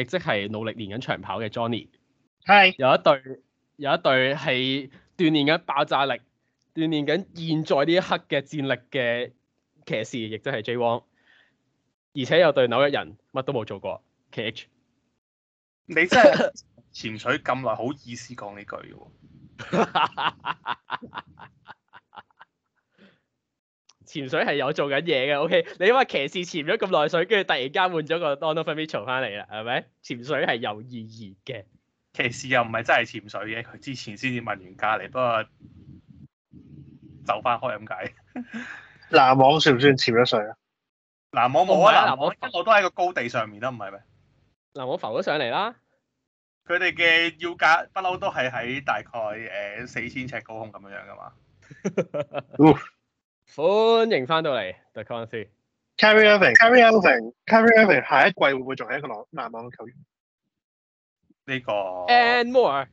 亦即係努力練緊長跑嘅 Johnny，係是有一隊有一隊係鍛鍊緊爆炸力，鍛鍊緊現在呢一刻嘅戰力嘅騎士，亦即係 J 王，而且有對紐約人乜都冇做過 KH，你真係潛水咁耐，好 意思講呢句㗎喎。 潛水係有做緊嘢嘅，OK？你話騎士潛咗咁耐水，跟住突然間換咗個 Donovan Mitchell 翻嚟啦，係咪？潛水係有意義嘅，騎士又唔係真係潛水嘅，佢之前先至問完隔籬，不過走翻開咁解。籃網算唔算潛咗水啊？籃網冇啊，oh、my 籃網因我都喺個高地上面啦，唔係咩？籃網浮咗上嚟啦。佢哋嘅要價不嬲都係喺大概誒四千尺高空咁樣樣噶嘛。歡迎翻到嚟，The Corner 3。Kyrie Irving，Kyrie Irving，Kyrie Irving 下一季會唔會仲係一個籃網球員？呢個。And more。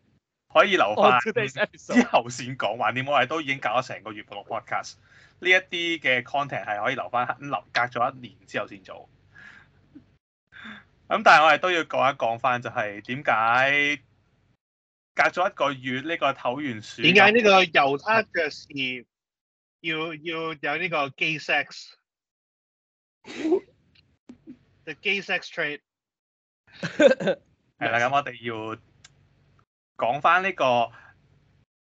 可以留翻之 And more. 後先講，話，因為我哋都已經搞咗成個月半個 Podcast，呢一啲嘅 content 係可以留翻，留隔咗一年之後先做。咁、 嗯、但係我哋都要講一講翻、就是，就係點解隔咗一個月呢、這個唞完喘？點解呢個猶他爵士？ 要要有呢個 g a sex，the g a sex trade。 係啦咁，我哋要講翻呢、呢個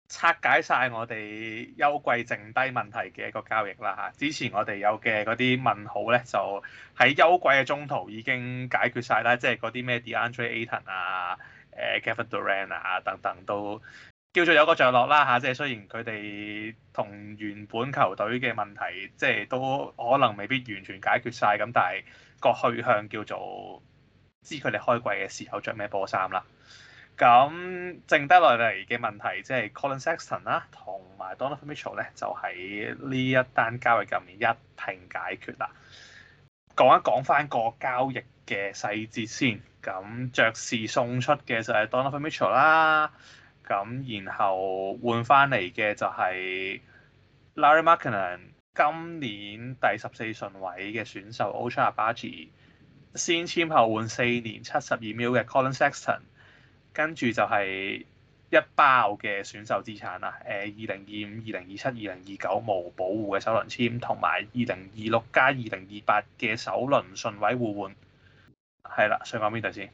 拆解晒我哋休季剩低問題嘅一個交易啦嚇。之前我哋有嘅嗰啲問號咧，就喺休季嘅中途已經解決晒啦，即係嗰啲咩 Deandre Ayton 啊、誒 Kevin Durant 啊等等都。叫做有個着落啦嚇，即係雖然佢哋同原本球隊嘅問題，即係都可能未必完全解決晒，咁，但係個去向叫做知佢哋開季嘅時候着咩波衫啦。咁剩得落嚟嘅問題，即係 Collin Sexton 啦、啊，同埋 Donovan Mitchell 咧，就喺呢一單交易入面一拼解決啦。講一講翻個交易嘅細節先，咁爵士送出嘅就係 Donovan Mitchell 啦。咁然後換翻嚟嘅就係 Lauri Markkanen 今年第十四順位嘅選手 Ochai Agbaji 先簽後換四年七十二 million 嘅 Collin Sexton，跟住就係一包嘅選手資產啦，誒二零二五、二零二七、二零二九冇保護嘅首輪簽，同埋二零二六加二零二八嘅首輪順位互換，係啦，想講邊度先？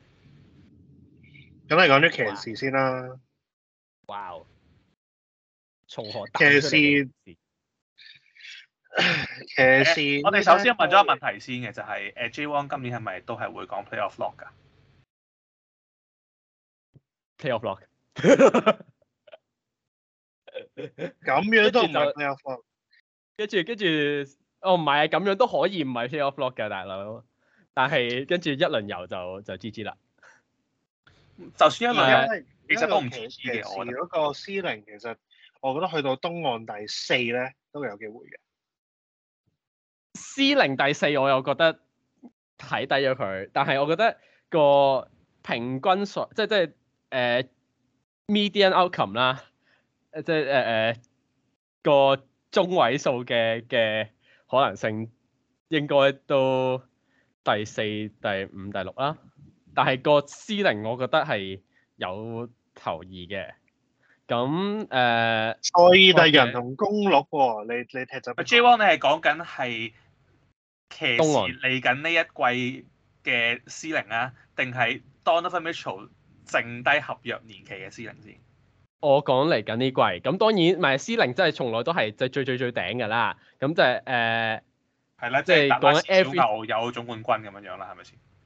咁你講啲騎士先啦。哇！重河騎線，騎線。我哋首先問咗個問題先嘅，就係誒，J One 今年係咪都係會講 Play Off Lock 噶？Play Off Lock 咁樣都得 Play Off，跟住跟住，哦唔係啊，咁樣都可以唔係 Play Off Lock 噶大佬，但係跟住一輪遊就就知知啦。就算一輪遊。其實都唔似嘅，我覺得嗰個 C 零其實，我覺得去到東岸第四咧都有機會嘅。C 零第四，我又覺得睇低咗佢，但係我覺得，我覺得個平均數，即係即係，誒 median outcome 啦，誒即係誒誒個中位數嘅嘅可能性應該都第四、第五、第六啦。但係個 C 零，我覺得係。有頭二嘅，咁誒賽爾帝人同公鹿喎，你你踢咗 Jone，你係講緊係騎士嚟緊呢一季嘅 ceiling 啊，定係 Donovan Mitchell 剩低合約年期嘅 ceiling 先？我講嚟緊呢季，咁當然唔係 ceiling，真係從來都係即係最最最，最最最頂㗎啦。咁就係、是、誒，係、呃、啦，即係嗰個球有總冠軍咁樣樣啦，係咪先？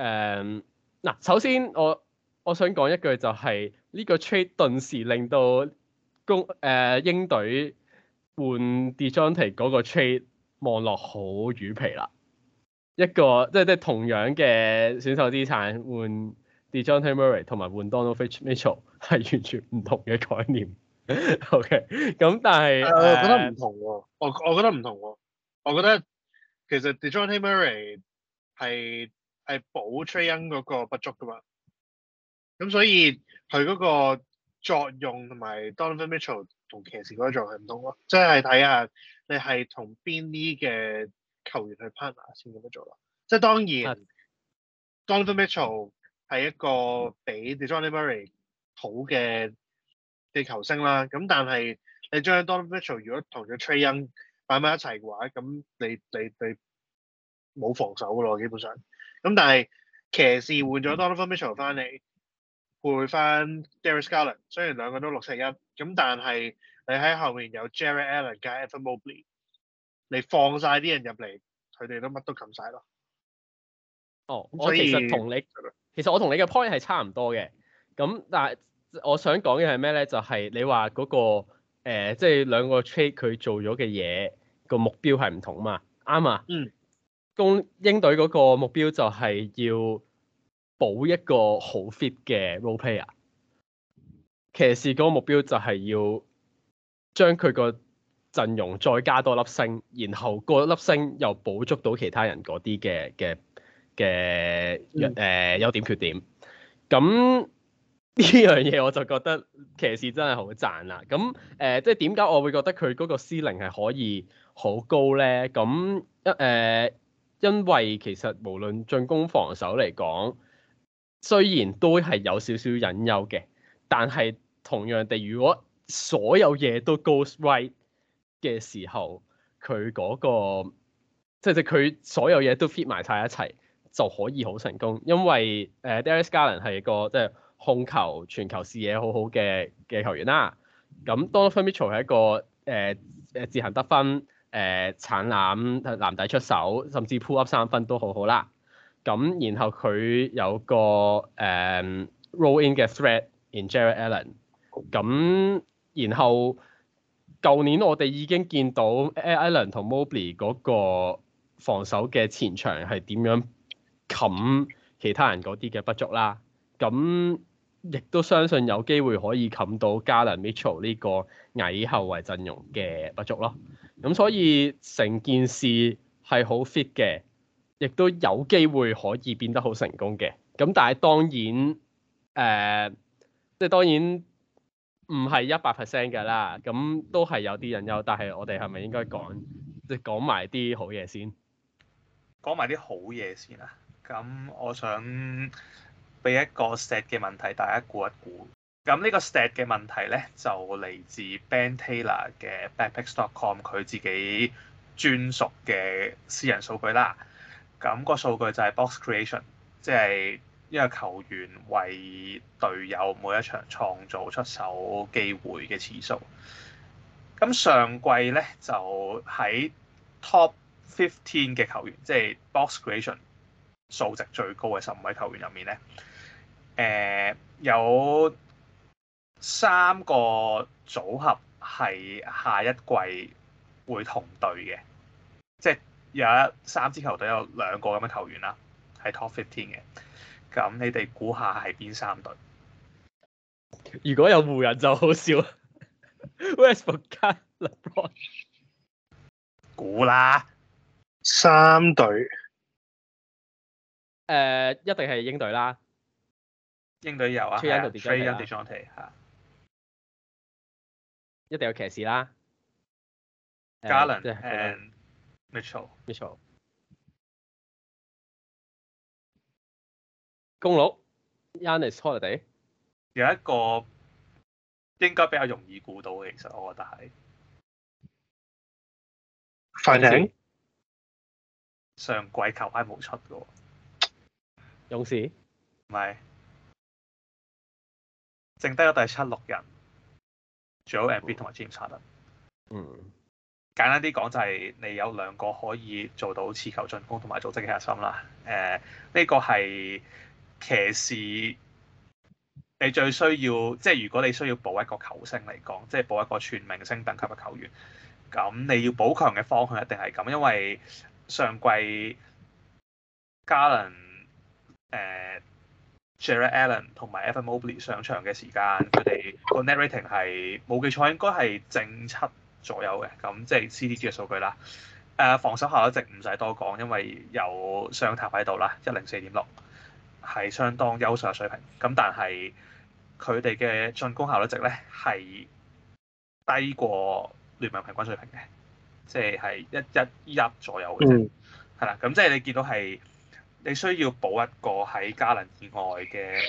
誒嗱，um, 首先我我想講一句就係、是、呢、這個 trade 頓時令到公誒、呃、英隊換 Dejounte 嗰個 trade 望落好魚皮啦，一個即係即係同樣嘅選手資產換 Dejounte Murray 同埋換 Donovan Mitchell 係完全唔同嘅概念。 OK，咁但係、uh, uh, 我覺得唔同喎、啊，我我覺得唔同喎、啊，我覺得其實 Dejounte Murray 係。係補 Trae Young 嗰個不足噶嘛，咁所以佢嗰個作用同埋 Donovan Mitchell 同騎士嗰個作用係唔同咯，即係睇下你係同邊啲嘅球員去 partner 先咁樣做咯。即係當然 Donovan Mitchell 係一個比 Dejounte Murray 好嘅嘅球星啦。咁但係你將 Donovan Mitchell 如果同咗 Trae Young 擺埋一齊嘅話，咁你你你冇防守噶咯，基本上。咁但係騎士換咗 Donovan Mitchell 翻嚟，配翻 Darius Garland，雖然兩個都六成一，咁但係你喺後面有 Jarrett Allen 加 Evan Mobley，你放晒啲人入嚟，佢哋都乜都冚晒咯。哦，我其實同你，以其實我同你嘅 point 係差唔多嘅。咁但係我想講嘅係咩咧？就係、是、你話嗰、那個即係、呃就是、兩個 trade 佢做咗嘅嘢個目標係唔同啊嘛，啱啊。嗯。公英隊嗰個目標就係要補一個好 fit 嘅 role player，騎士嗰個目標就係要將佢個陣容再加多粒星，然後嗰粒星又補足到其他人嗰啲嘅嘅嘅誒優點缺點。咁呢樣嘢我就覺得騎士真係好賺啦。咁誒、呃，即係點解我會覺得佢嗰個司令係可以好高咧？咁一誒。呃因為其實無論進攻防守嚟講，雖然都係有少少隱憂嘅，但係同樣地，如果所有嘢都 goes right 嘅時候，佢嗰、那個即係即佢所有嘢都 fit 埋晒一齊，就可以好成功。因為誒 Darius Garland 係一個即係、就是、控球、全球視野好好嘅嘅球員啦、啊。咁 Donovan Mitchell 係一個誒誒、呃、自行得分。誒，產籃、呃，男仔出手，甚至 pull up 三分都好好啦。咁，然後佢有個誒、呃、rolling 嘅 threat in Jarrett Allen。咁，然後舊年我哋已經見到 Allen 同 Mobley 嗰個防守嘅前場係點樣冚其他人嗰啲嘅不足啦。咁，亦都相信有機會可以冚到 Garland Mitchell 呢個矮後衞陣容嘅不足咯。咁所以成件事係好 fit 嘅，亦都有機會可以變得好成功嘅。咁但係當然，誒、呃，即係當然唔係一百 percent 嘅啦。咁都係有啲隱憂，但係我哋係咪應該講即係講埋啲好嘢先？講埋啲好嘢先啦！咁我想俾一個 set 嘅問題大家估一估。咁呢個 stat 嘅問題咧，就嚟自 Ben Taylor 嘅 Backpicks.com，佢自己專屬嘅私人數據啦。咁個數據就係 Box Creation，即係一個球員為隊友每一場創造出手機會嘅次數。咁上季咧就喺 Top 15嘅球員，即係 Box Creation 數值最高嘅十五位球員入面咧，誒、呃、有。三個組合係下一季會同隊嘅，即係有一三支球隊有兩個咁嘅球員啦，係 Top Fifteen 嘅。咁你哋估下係邊三隊？如果有湖人就好笑。 Westbrook？LeBron？估啦吧，三隊隊。誒、呃，一定係鷹隊啦。鷹隊有啊，Trae Young d 一定有騎士啦，Garland and Mitchell。Mitchell。公鹿。Yannis Holiday。有一個應該比較容易估到嘅，其實我覺得係。反正。上季球員冇出過。勇士。唔係。剩低咗第七六人。仲有 M.B 同埋 James Harden 嗯、mm，hmm. 簡單啲講就係你有兩個可以做到持球進攻同埋組織嘅核心啦。誒，呢個係騎士你最需要，即係如果你需要補一個球星嚟講，即係補一個全明星等級嘅球員，咁你要補強嘅方向一定係咁，因為上季加倫誒。Uh, Jarrett Allen 同埋 Evan Mobley 上場嘅時間，佢哋個 net rating 係冇記錯應該係正七左右嘅，咁即係 CDG 嘅數據啦。誒，防守效率值唔使多講，因為有雙塔喺度啦，一零四點六係相當優秀嘅水平。咁但係佢哋嘅進攻效率值咧係低過聯盟平均水平嘅，即係係一一一左右嘅啫，係啦、嗯。咁即係你見到係。你需要補一個喺嘉能以外嘅，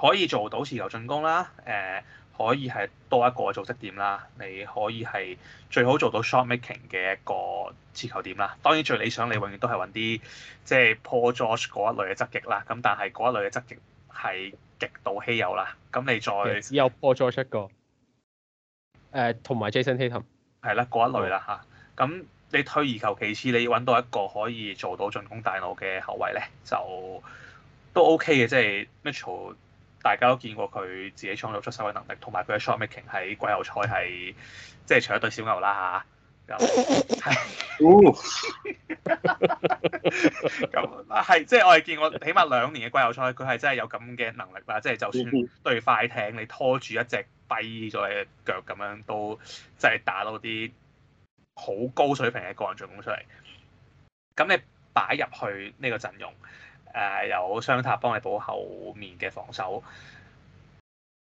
可以做到持球進攻啦。誒、呃，可以係多一個組織點啦。你可以係最好做到 shot making 嘅一個持球點啦。當然最理想你永遠都係揾啲即係 Paul George 嗰一類嘅側翼啦。咁但係嗰一類嘅側翼係極度稀有啦。咁你再只有 Paul George 一個誒，同、呃、埋 Jason Tatum 係啦，嗰一類啦嚇咁。哦啊。你退而求其次，你揾到一個可以做到進攻大腦嘅後衞咧，就都 OK 嘅。即係 Mitchell，大家都見過佢自己創造出手嘅能力，同埋佢嘅 shotmaking 喺季後賽係，即係除咗對小牛啦嚇。咁，咁即係我係見過，起碼兩年嘅季後賽，佢係真係有咁嘅能力啦。即係就算對快艇，你拖住一隻跛咗嘅腳咁樣，都即係打到啲好高水平嘅個人進攻出嚟，咁你擺入去呢個陣容，誒有雙塔幫你補後面嘅防守，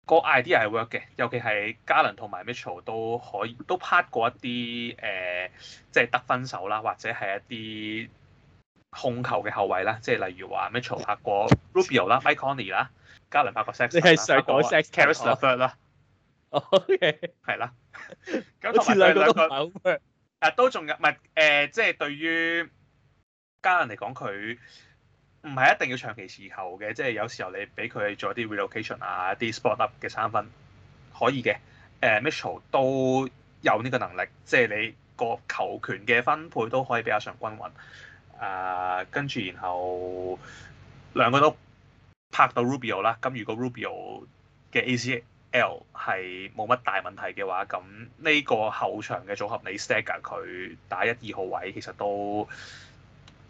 個 idea 係 work 嘅。尤其係嘉倫同埋 Mitchell 都可以都拍過一啲誒，即、呃、係、就是、得分手啦，或者係一啲控球嘅後衞啦，即係例如話 Mitchell 拍過 Rubio 啦 上、Mike Conley 啦，嘉倫拍過 Sax 啦、啊、拍過 Sax、Caris LeVert 啦、啊。OK，係啦是的， 好似兩啊，都仲有，唔係，誒、呃，即係對於家人嚟講，佢唔係一定要長期持球嘅，即係有時候你俾佢做啲 relocation 啊，啲 spot up 嘅三分可以嘅。誒、啊，Mitchell 都有呢個能力，即係你個球權嘅分配都可以比較上均勻。啊，跟住然後兩個都拍到 Rubio 啦，咁如果 Rubio 嘅 AC。L 係冇乜大問題嘅話，咁呢個後場嘅組合你 stagger 佢打一二號位，其實都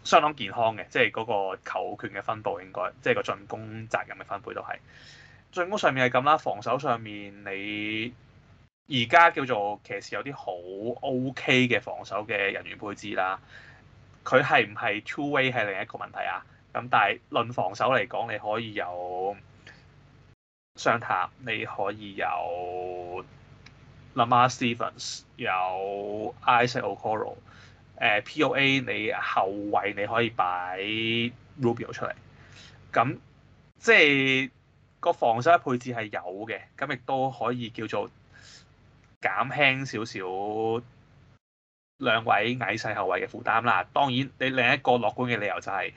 相當健康嘅，即係嗰個球權嘅分佈應該，即係個進攻責任嘅分配都係進攻上面係咁啦，防守上面你而家叫做騎士有啲好 OK 嘅防守嘅人員配置啦，佢係唔係 two way 係另一個問題啊？咁但係論防守嚟講，你可以有。雙塔你可以有 Lamar Stevens，有 Isaac Okoro，誒 POA 你後衛你可以擺 Rubio 出嚟，咁即係個防守配置係有嘅，咁亦都可以叫做減輕少少兩位矮細後衛嘅負擔啦。當然，你另一個樂觀嘅理由就係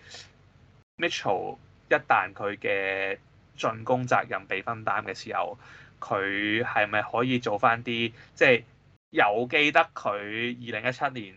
Mitchell 一旦佢嘅進攻責任被分擔嘅時候，佢係咪可以做翻啲？即係又記得佢二零一七年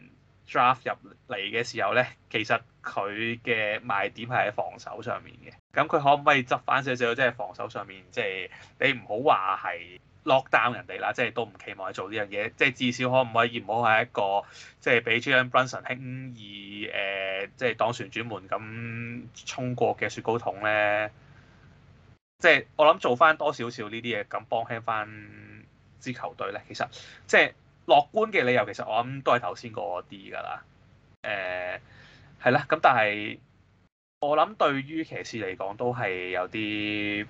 draft 入嚟嘅時候咧，其實佢嘅賣點係喺防守上面嘅。咁佢可唔可以執翻少少？即係防守上面，即係你唔好話係 lock down 人哋啦，即係都唔期望去做呢樣嘢。即係至少可唔可以唔好係一個，即係俾 Jalen Brunson 輕易誒，即係當旋轉門咁衝過嘅雪糕筒咧？即係、就是、我諗做翻多少少呢啲嘢，咁幫輕翻支球隊咧。其實即係、就是、樂觀嘅理由，其實我諗都係頭先嗰啲噶啦。誒係啦，咁但係我諗對於騎士嚟講都係有啲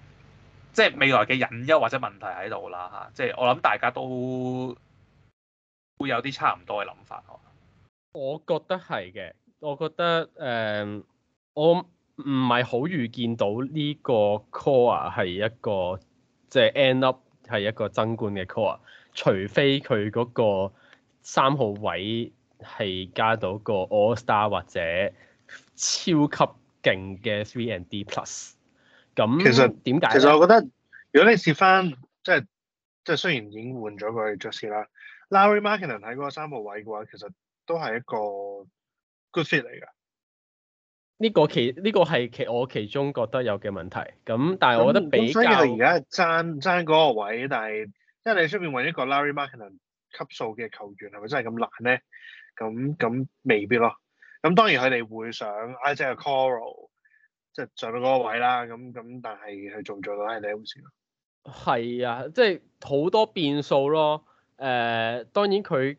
即係未來嘅隱憂或者問題喺度啦嚇。即、啊、係、就是、我諗大家都會有啲差唔多嘅諗法，我。我覺得係嘅、呃，我覺得誒我。唔係好預見到呢個 core 係一個即係、就是、end up 係一個爭冠嘅 core，除非佢個三號位係加到個 all star 或者超級勁嘅 three and D plus。咁其實點解？其實我覺得如果你試翻即係即係雖然已經換咗佢爵士啦，Lauri Markkanen 喺嗰個三號位嘅話其實都係一個 good fit 嚟㗎。呢個其呢、呢個係其我其中覺得有嘅問題，咁但係我覺得比較。咁而家爭爭嗰個位，但係即係你出面揾一個 Lauri Markkanen 級數嘅球員，係咪真係咁難咧？咁咁未必咯。咁當然佢哋會想 Isaac Okoro 即係上到嗰個位啦。咁咁，但係佢做唔做到係另一回事。係啊，即係好多變數咯。誒、呃，當然佢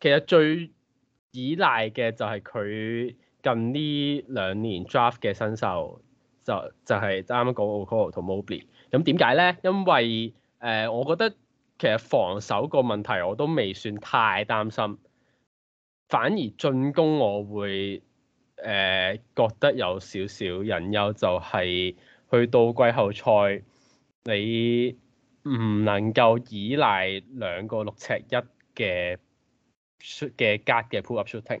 其實最依賴嘅就係佢。近呢兩年 draft 嘅新秀就就係啱啱講 Okoro 同 Mobley 咁點解咧？因為誒、呃，我覺得其實防守個問題我都未算太擔心，反而進攻我會誒、呃、覺得有少少隱憂、就是，就係去到季後賽你唔能夠依賴兩個六尺一嘅嘅 guard 嘅 pull up shooting。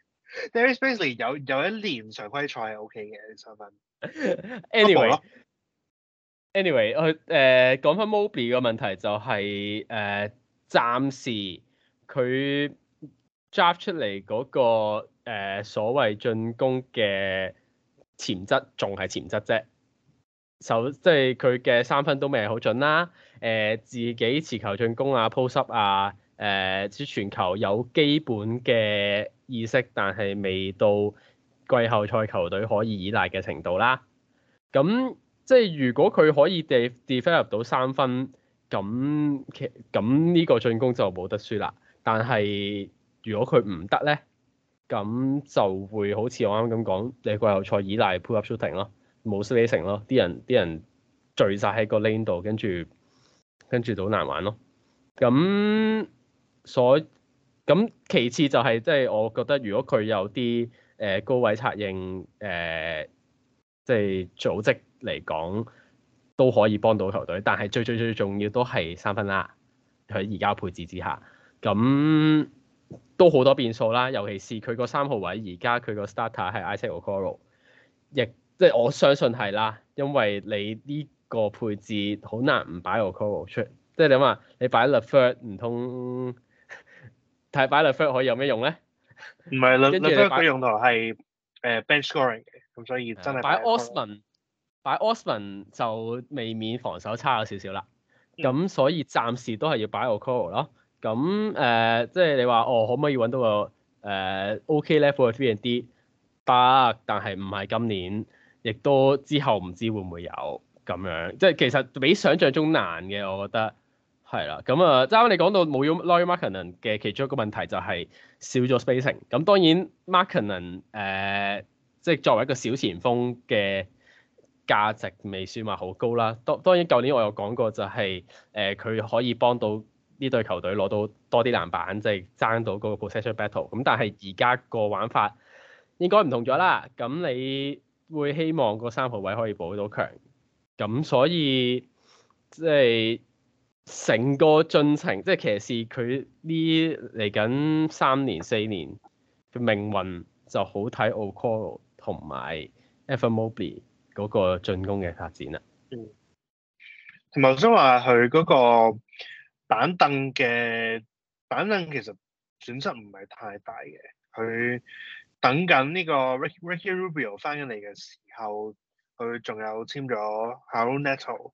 t Darius Bensley 有有一年常規賽係 OK 嘅三分。Anyway，Anyway，我誒講返 Moby 嘅問題就係、是、誒、呃，暫時佢 draft 出嚟嗰、那個、呃、所謂進攻嘅潛質，仲係潛質啫。首即係佢嘅三分都未係好準啦。誒、呃，自己持球進攻啊，post up 啊。誒，即、呃、全球有基本嘅意識，但係未到季後賽球隊可以依賴嘅程度啦。咁即係如果佢可以 develop 到三分，咁咁呢個進攻就冇得輸啦。但係如果佢唔得咧，咁就會好似我啱啱咁講，你季後賽依賴 pull up shooting 咯，冇 spacing 咯，啲人啲人聚曬喺個 lane 度，跟住跟住就好難玩咯。咁所以，咁其次就係、是、即係我覺得如果佢有啲誒、呃、高位策應誒、呃、即係組織嚟講都可以幫到球隊，但係最最最重要都係三分啦。喺而家配置之下，咁都好多變數啦。尤其是佢個三號位而家佢個 starter 係 Isaac Okoro 亦即係我相信係啦，因為你呢個配置好難唔擺 Okoro 出，即係你諗下你擺 Lafurge 唔通？睇擺落 ref 可以有咩用咧？唔係，ref 嘅用途係誒 bench scoring，咁所以真係擺 o ann, s m a n 擺 o s m a n 就未免防守差咗少少啦。咁、嗯、所以暫時都係要擺 o c a l l 咯。咁誒，即、呃、係、就是、你話哦，可唔可以揾到個誒、呃、OK level 嘅 free 人啲得，但係唔係今年，亦都之後唔知會唔會有咁樣。即係其實比想象中難嘅，我覺得。係啦，咁啊，啱啱你講到冇用 Lauri Markkanen 嘅其中一個問題就係少咗 spacing。咁當然 Markkanen 誒、呃，即、就、係、是、作為一個小前鋒嘅價值未算話好高啦。當當然舊年我有講過就係、是、誒，佢、呃、可以幫到呢隊球隊攞到多啲籃板，即、就、係、是、爭到嗰個 possession battle。咁但係而家個玩法應該唔同咗啦。咁你會希望個三號位可以保到強。咁所以即係。就是成個進程，即係騎士佢呢嚟緊三年四年嘅命運就好睇 Okoro 同埋 Evan Mobley 嗰個進攻嘅發展啦。嗯。同埋我想話佢嗰個板凳嘅板凳其實損失唔係太大嘅，佢等緊呢個 Ricky, Ricky Rubio 翻緊嚟嘅時候，佢仲有簽咗 Raul Neto。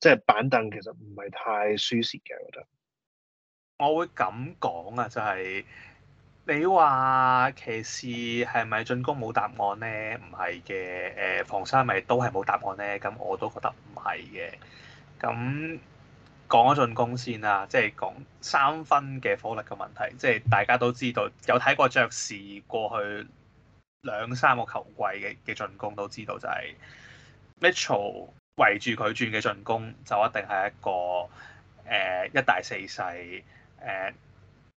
即係板凳其實唔係太舒適嘅，我覺得。我會咁講啊，就係你話騎士係咪進攻冇答案咧？唔係嘅，誒防三咪都係冇答案咧。咁我都覺得唔係嘅。咁講咗進攻先啦，即係講三分嘅火力嘅問題。即係大家都知道，有睇過爵士過去兩三個球季嘅嘅進攻都知道，就係 Mitchell。圍住佢轉嘅進攻就一定係一個誒、呃、一大四細誒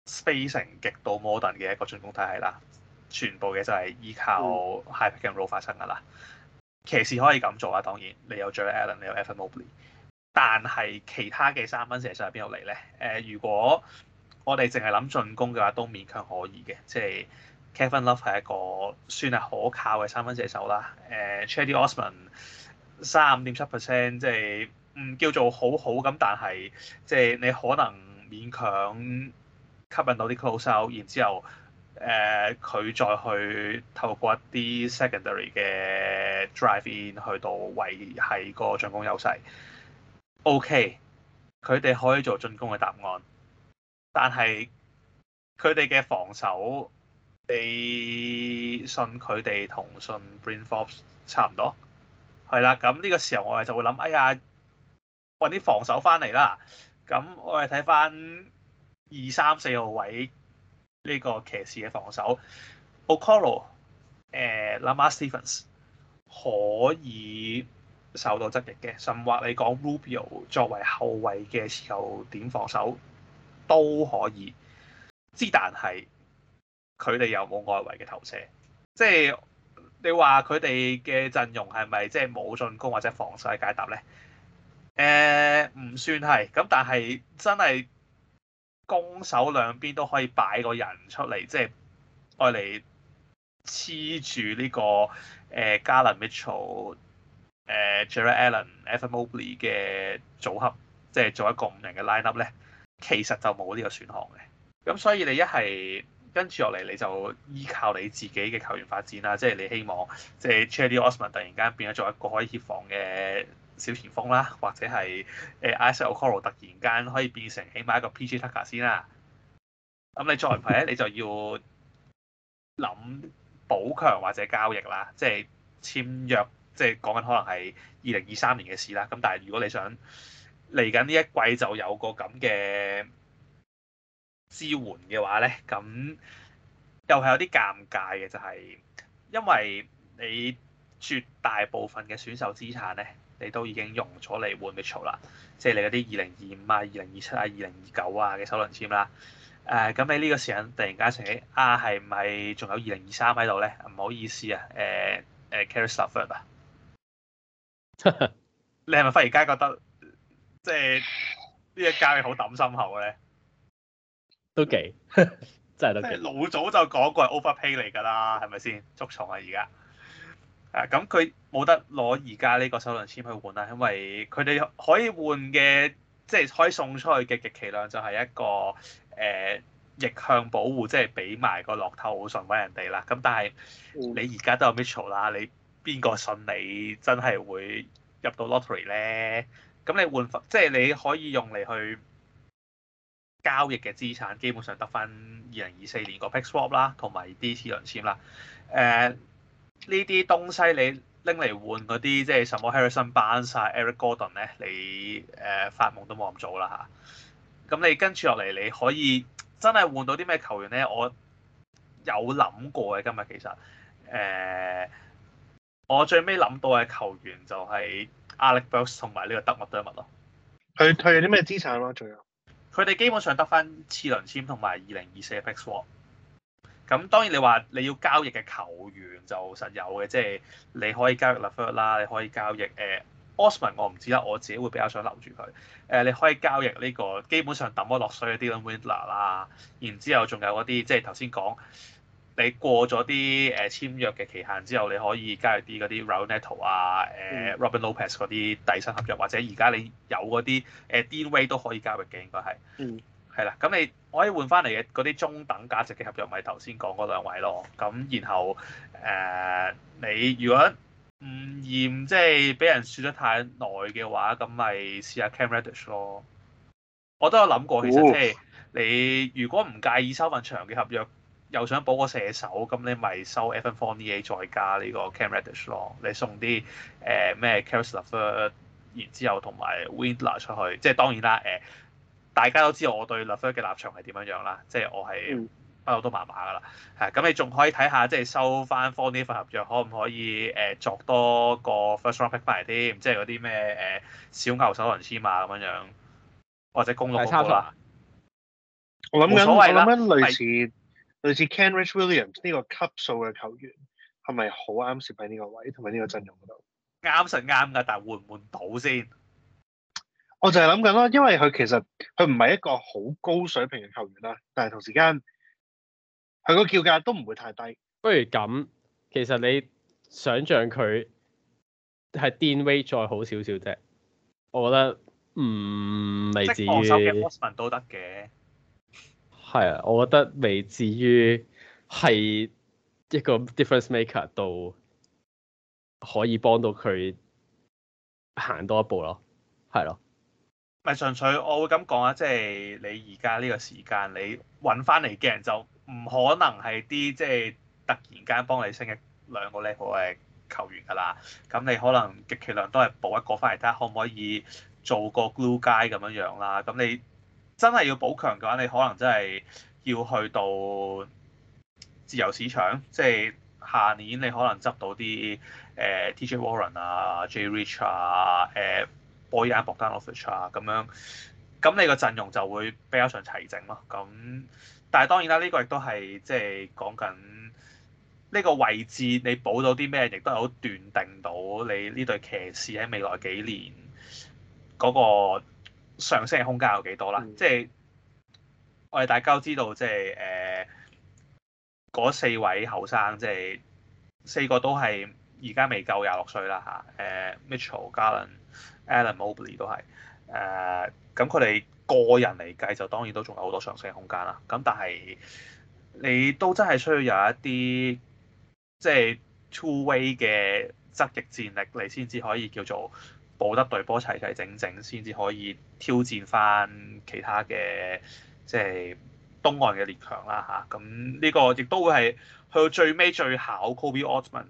spacing 極度 modern 嘅一個進攻體系啦，全部嘅就係依靠 high pick and roll 發生噶啦。騎士可以咁做啊，當然你有 Jarrett Allen，你有 Evan Mobley，但係其他嘅三分射手喺邊度嚟咧？誒、呃，如果我哋淨係諗進攻嘅話，都勉強可以嘅，即係 Kevin Love 係一個算係可靠嘅三分射手啦。誒、呃、Cedi Osman。三點七 percent，即係唔叫做好好咁，但係即係你可能勉強吸引到啲 closeout，然之後誒佢、呃、再去透過一啲 secondary 嘅 drive-in 去到維係個進攻優勢。OK，佢哋可以做進攻嘅答案，但係佢哋嘅防守，你信佢哋同信 Bryn Forbes 差唔多？係啦，咁呢個時候我哋就會諗，哎呀，揾啲防守翻嚟啦。咁我哋睇翻二三四號位呢個騎士嘅防守，Okoro、呃、Okoro 誒 Lamar Stevens 可以受到質疑嘅，甚或你講 Rubio 作為後衞嘅時候點防守都可以，之但係佢哋又冇外圍嘅投射，即係。你話佢哋嘅陣容係咪即係冇進攻或者防守嘅解答咧？誒、呃，唔算係，咁但係真係攻守兩邊都可以擺個人出嚟，即係愛嚟黐住呢、這個誒、呃、Garland、Mitchell、呃、誒 Jarrett Allen、Evan Mobley 嘅組合，即、就、係、是、做一個五人嘅 lineup 咧。其實就冇呢個選項嘅，咁所以你一係。跟住落嚟，你就依靠你自己嘅球員發展啦，即係你希望，即係 Cedi Osman 突然間變咗做一個可以協防嘅小前鋒啦，或者係誒 Isaac Okoro 突然間可以變成起碼一個 P.J. Tucker 先啦。咁、嗯、你再唔係咧，你就要諗補強或者交易啦，即係簽約，即係講緊可能係二零二三年嘅事啦。咁但係如果你想嚟緊呢一季就有個咁嘅～支援嘅話咧，咁又係有啲尷尬嘅，就係、是、因為你絕大部分嘅選手資產咧，你都已經用咗嚟換 Mitchell 啦，即係你嗰啲二零二五啊、二零二七啊、二零二九啊嘅首輪簽啦。誒、呃，咁喺呢個時間突然間想起，啊，係咪仲有二零二三喺度咧？唔好意思啊，誒誒，Carislawford 啊，呃、 你係咪忽然間覺得即係呢一交易好抌心口嘅咧？都幾 Okay. 真係是都 okay. 老早就講過係 overpay 嚟㗎啦，係咪先捉蟲啊？而家誒，咁佢冇得攞而家呢個首輪簽去換啦，因為佢哋可以換嘅，即、就、係、是、可以送出去嘅極其量就係一個誒、呃、逆向保護，即係俾埋個樂透好順位人哋啦。咁但係你而家都有 Mitchell 啦，你邊個信你真係會入到 lottery 咧？咁你換即係你可以用嚟去。交易嘅資產基本上得翻二零二四年個 pick swap 啦，同埋啲次輪籤啦。誒呢啲東西你拎嚟換嗰啲即係什麼 Harrison Barnes、啊、Eric Gordon 咧，你誒、呃、發夢都冇咁做啦嚇。咁你跟住落嚟你可以真係換到啲咩球員咧？我有諗過嘅今日其實誒、呃，我最尾諗到嘅球員就係 Alec Burks 同埋呢個德物德物咯。佢，佢有啲咩資產咯？仲有？佢哋基本上得翻次輪籤同埋二零二四 pick swap 咁當然你話你要交易嘅球員就實有嘅，即、就、係、是、你可以交易 LeVert 啦，你可以交易誒、uh, Osman 我唔知啦，我自己會比較想留住佢。誒、uh, 你可以交易呢、這個基本上抌咗落水嗰啲 Windler 啦，ler, 然之後仲有嗰啲即係頭先講。就是你過咗啲誒簽約嘅期限之後，你可以加入啲嗰啲 Raul Neto 啊、誒、呃、Robin Lopez 嗰啲底薪合約，或者而家你有嗰啲誒 Dinwiddie 都可以加入嘅，應該係。嗯。係啦，咁你可以換翻嚟嘅嗰啲中等價值嘅合約，咪頭先講嗰兩位咯。咁然後誒、呃，你如果唔嫌即係俾人説得太耐嘅話，咁咪試下 Cam Reddish 咯。我都有諗過，其實即、就、係、係哦、你如果唔介意收份長嘅合約。又想補個射手，咁你咪收 Fournier 再加呢個 Cam Reddish 咯。你送啲誒咩 Kevin Love 然之後同埋 Windler 出去，即係當然啦。誒大家都知我對 Love 嘅立場係點樣樣啦，即係我係不嬲都麻麻噶啦。係咁，你仲可以睇下即係收翻 Fournier 份合約，可唔可以誒作多個 First Round Pick 添，即係嗰啲咩誒小牛首輪籤啊咁樣樣，或者公鹿啦。我諗緊諗緊類似。類似 Kenrich Williams 呢個級數嘅球員，係咪好啱攝喺呢個位同埋呢個陣容嗰度？啱實啱噶，但換唔換到先？我就係諗緊咯，因為佢其實佢唔係一個好高水平嘅球員啦，但係同時間佢個叫價都唔會太低。不如咁，其實你想象佢係 Dean Wade 再好少少啫，我覺得唔未至於。嗯、即防守嘅 Osman 都得嘅。係啊，我覺得未至於係一個 difference maker 到可以幫到佢行多一步咯，係咯。咪純粹我會咁講啊，即係你而家呢個時間，你揾翻嚟嘅人就唔可能係啲即係突然間幫你升嘅兩個 level 嘅球員㗎啦。咁你可能極其量都係補一個翻嚟睇下，看看可唔可以做個 glue guy 咁樣樣啦。咁你。真係要補強嘅話，你可能真係要去到自由市場，即係下年你可能執到啲誒、呃、TJ Warren 啊、Jay Rich 啊、誒、呃、Bojan Bogdanovic 啊咁樣，咁你個陣容就會比較上齊整咯。咁但係當然啦，呢、這個亦都係即係講緊呢、這個位置你補到啲咩，亦都好斷定到你呢隊騎士喺未來幾年嗰、那個。上升嘅空間有幾多啦？即係、嗯、我哋大家都知道、就是，即係誒嗰四位後生，即係四個都係而家未夠廿六歲啦嚇。誒、uh,，Mitchell、Garland、Allen、Mobley 都係誒，咁佢哋個人嚟計就當然都仲有好多上升嘅空間啦。咁但係你都真係需要有一啲即係、就是、two-way 嘅側翼戰力，你先至可以叫做。保得隊波齊齊整整，先至可以挑戰翻其他嘅即係東岸嘅列強啦嚇。咁、啊、呢個亦都會係去到最尾最考 Koby Altman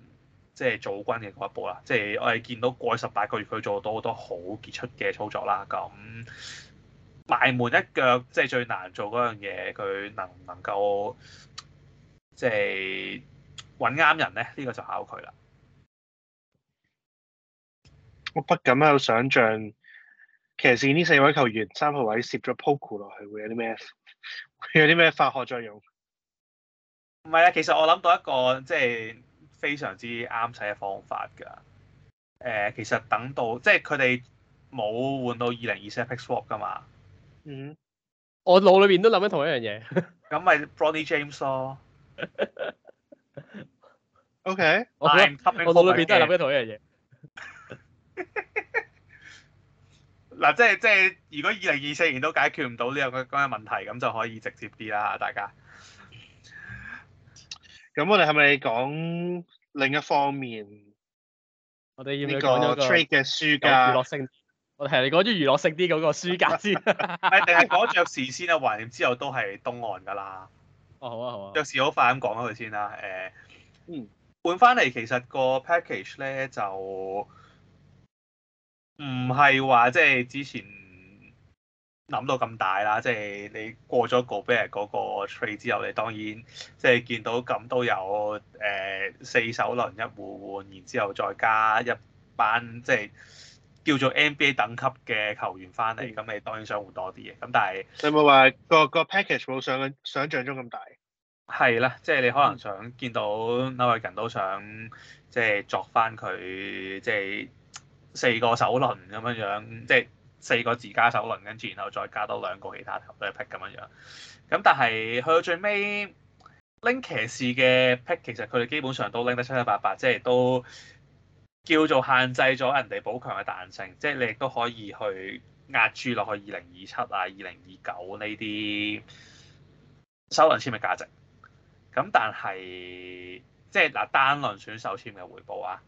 即係組軍嘅嗰一步啦。即係我哋見到過去十八個月，佢做到好多好傑出嘅操作啦。咁埋門一腳即係最難做嗰樣嘢，佢能唔能夠即係揾啱人咧？呢、呢個就考佢啦。我不敢喺度想象騎士呢四位球員三號位涉咗扑 o 落去會有啲咩？會有啲咩化學作用？唔係啊，其實我諗到一個即係非常之啱使嘅方法噶。誒、呃，其實等到即係佢哋冇換到二零二三 pick swap 噶嘛？嗯，我腦裏邊都諗咗同一樣嘢。咁 咪 Bronny James 咯？O Okay . K，'m 我我腦裏邊都係諗咗同一樣嘢。 嗱， 即係即係，如果二零二四年都解決唔到呢兩個咁嘅問題，咁就可以直接啲啦，大家。咁我哋係咪講另一方面？這個，我哋要，要講個 trade 嘅書價娛樂性，我係你講啲娛樂性啲嗰個書價先，係定係講爵士先啊？橫掂之後都係東岸噶啦。哦，oh, 好啊，好啊。爵士好快說說，咁講咗佢先啦。誒，嗯，換翻嚟，其實個 package 咧就～唔係話即係之前諗到咁大啦，即、就、係、是、你過咗 Gobert 嗰個 Trade 之後，你當然即係見到咁都有誒、呃、四首輪一互換，然之後再加一班即係、就是、叫做 NBA 等級嘅球員翻嚟，咁你當然想換多啲嘢。咁但係有冇話個個 package 冇想想像中咁大？係啦、嗯，即、就、係、是、你可能想見到紐約人都想即係、就是、作翻佢即係。就是四個首輪咁樣樣，即係四個自家首輪，跟住然後再加多兩個其他球隊嘅 pick 咁樣樣。咁但係去到最尾拎騎士嘅 pick，其實佢哋基本上都拎得七七八八，即係都叫做限制咗人哋補強嘅彈性。即係你亦都可以去壓住落去二零二七啊、二零二九呢啲首輪籤嘅價值。咁但係即係嗱單輪選手籤嘅回報啊，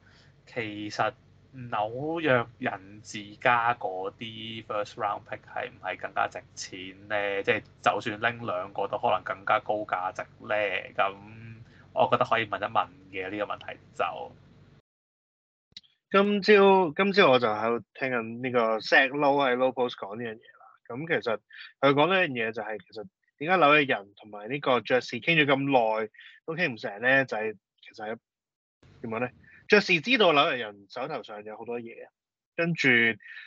其實～紐約人自家嗰啲 first round pick 係唔係更加值錢咧？即係就算拎兩個都可能更加高價值咧。咁我覺得可以問一問嘅呢個問題就。今朝今朝我就喺度聽緊呢個 Zach Lowe 喺 Lowe Post 講呢樣嘢啦。咁其實佢講呢樣嘢就係其實點解紐約人同埋呢個爵士傾咗咁耐都傾唔成咧？就係其實係點樣咧？爵士知道紐約人手頭上有好多嘢，跟住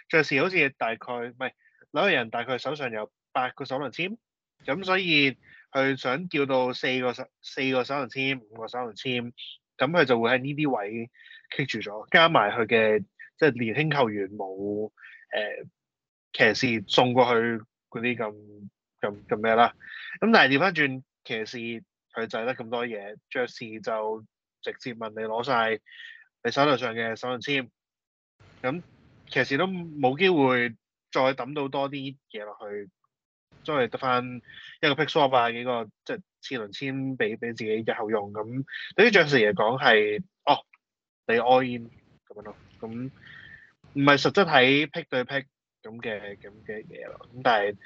爵士好似大概唔係紐約人大概手上有八個首輪籤，咁所以佢想叫到四個四個首輪籤，五個首輪籤，咁佢就會喺呢啲位棘住咗，加埋佢嘅即係年輕球員冇誒、呃、騎士送過去嗰啲咁咁咁咩啦，咁但係調翻轉騎士佢就得咁多嘢，爵士就。直接問你攞晒你手頭上嘅首輪籤，咁其實都冇機會再抌到多啲嘢落去，都係得翻一個 pick swap 啊，幾個即係次輪籤俾俾自己日後用。咁對於爵士嚟講係，哦，你 all in 咁樣咯，咁唔係實質喺 pick 對 pick 咁嘅咁嘅嘢咯。咁但係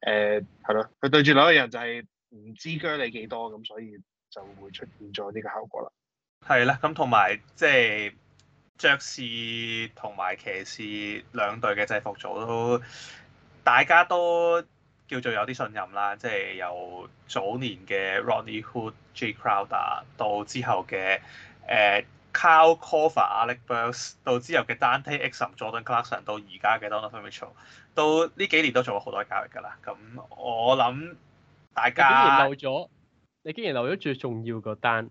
誒係咯，佢、呃、對住另一個人就係唔知鋸你幾多，咁所以就會出現咗呢個效果啦。係啦，咁同埋即係爵士同埋騎士兩隊嘅制服組都，大家都叫做有啲信任啦，即係由早年嘅 Rodney Hood、Jae Crowder 到之後嘅誒 Kyle Korver Alec Burks 到之後嘅 Dante Exum、Jordan Clarkson 到而家嘅 Donovan Mitchell，到呢幾年都做咗好多交易噶啦。咁我諗大家竟然漏咗，你竟然漏咗最重要嗰單。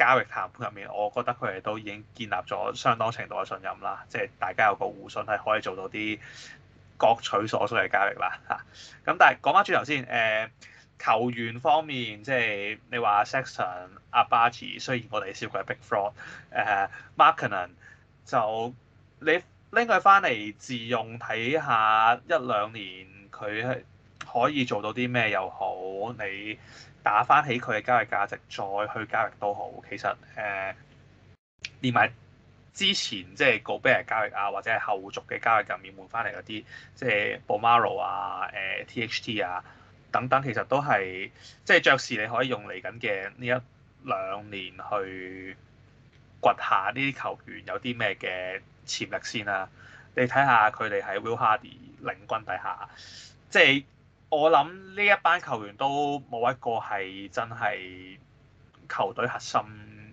交易談判入面，我覺得佢哋都已經建立咗相當程度嘅信任啦，即係大家有個互信係可以做到啲各取所需嘅交易啦嚇。咁 但係講翻轉頭先，誒、呃、球員方面，即係你話 Sexton、阿巴治，雖然我哋笑佢係 Big Fraud，Markkanen、呃、就你拎佢翻嚟自用睇下一兩年佢係可以做到啲咩又好，你。打翻起佢嘅交易價值，再去交易都好。其實誒、呃，連埋之前即係 Gobert 嘅交易啊，或者係後續嘅交易入面換翻嚟嗰啲，即係 Bolmaro 啊、誒、呃、THT 啊等等，其實都係即係爵士你可以用嚟緊嘅呢一兩年去掘下呢啲球員有啲咩嘅潛力先啊。你睇下佢哋喺 Will Hardy 領軍底下，即係。我諗呢一班球員都冇一個係真係球隊核心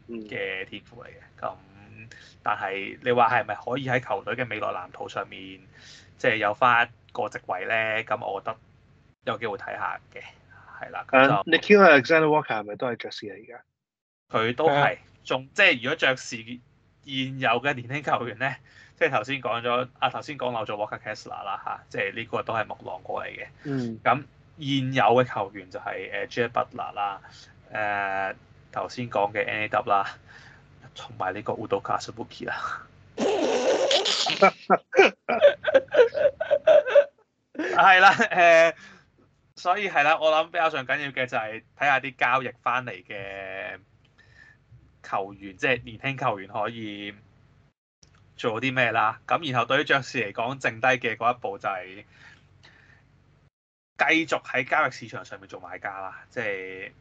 嘅天賦嚟嘅，咁、嗯、但係你話係咪可以喺球隊嘅未來藍圖上面，即、就、係、是、有翻個席位咧？咁我覺得有機會睇下嘅，係啦。咁就 Nickeil Alexander-Walker 係咪都係爵士嚟㗎？而家佢都係，仲、嗯、即係如果爵士現有嘅年輕球員咧？即係頭先講咗，阿頭先講漏咗 Walker Kessler 啦、啊、嚇，即係呢個都係木狼過嚟嘅。咁、嗯嗯、現有嘅球員就係誒 Jared Butler 啦，誒頭先講嘅 NAW 啦，同埋呢個 Udoka Azubuike 啦。係啦，誒，所以係啦，我諗比較上緊要嘅就係睇下啲交易翻嚟嘅球員，即係年輕球員可以做啲咩啦？咁然後對於爵士嚟講，剩低嘅嗰一步就係繼續喺交易市場上面做買家啦。即係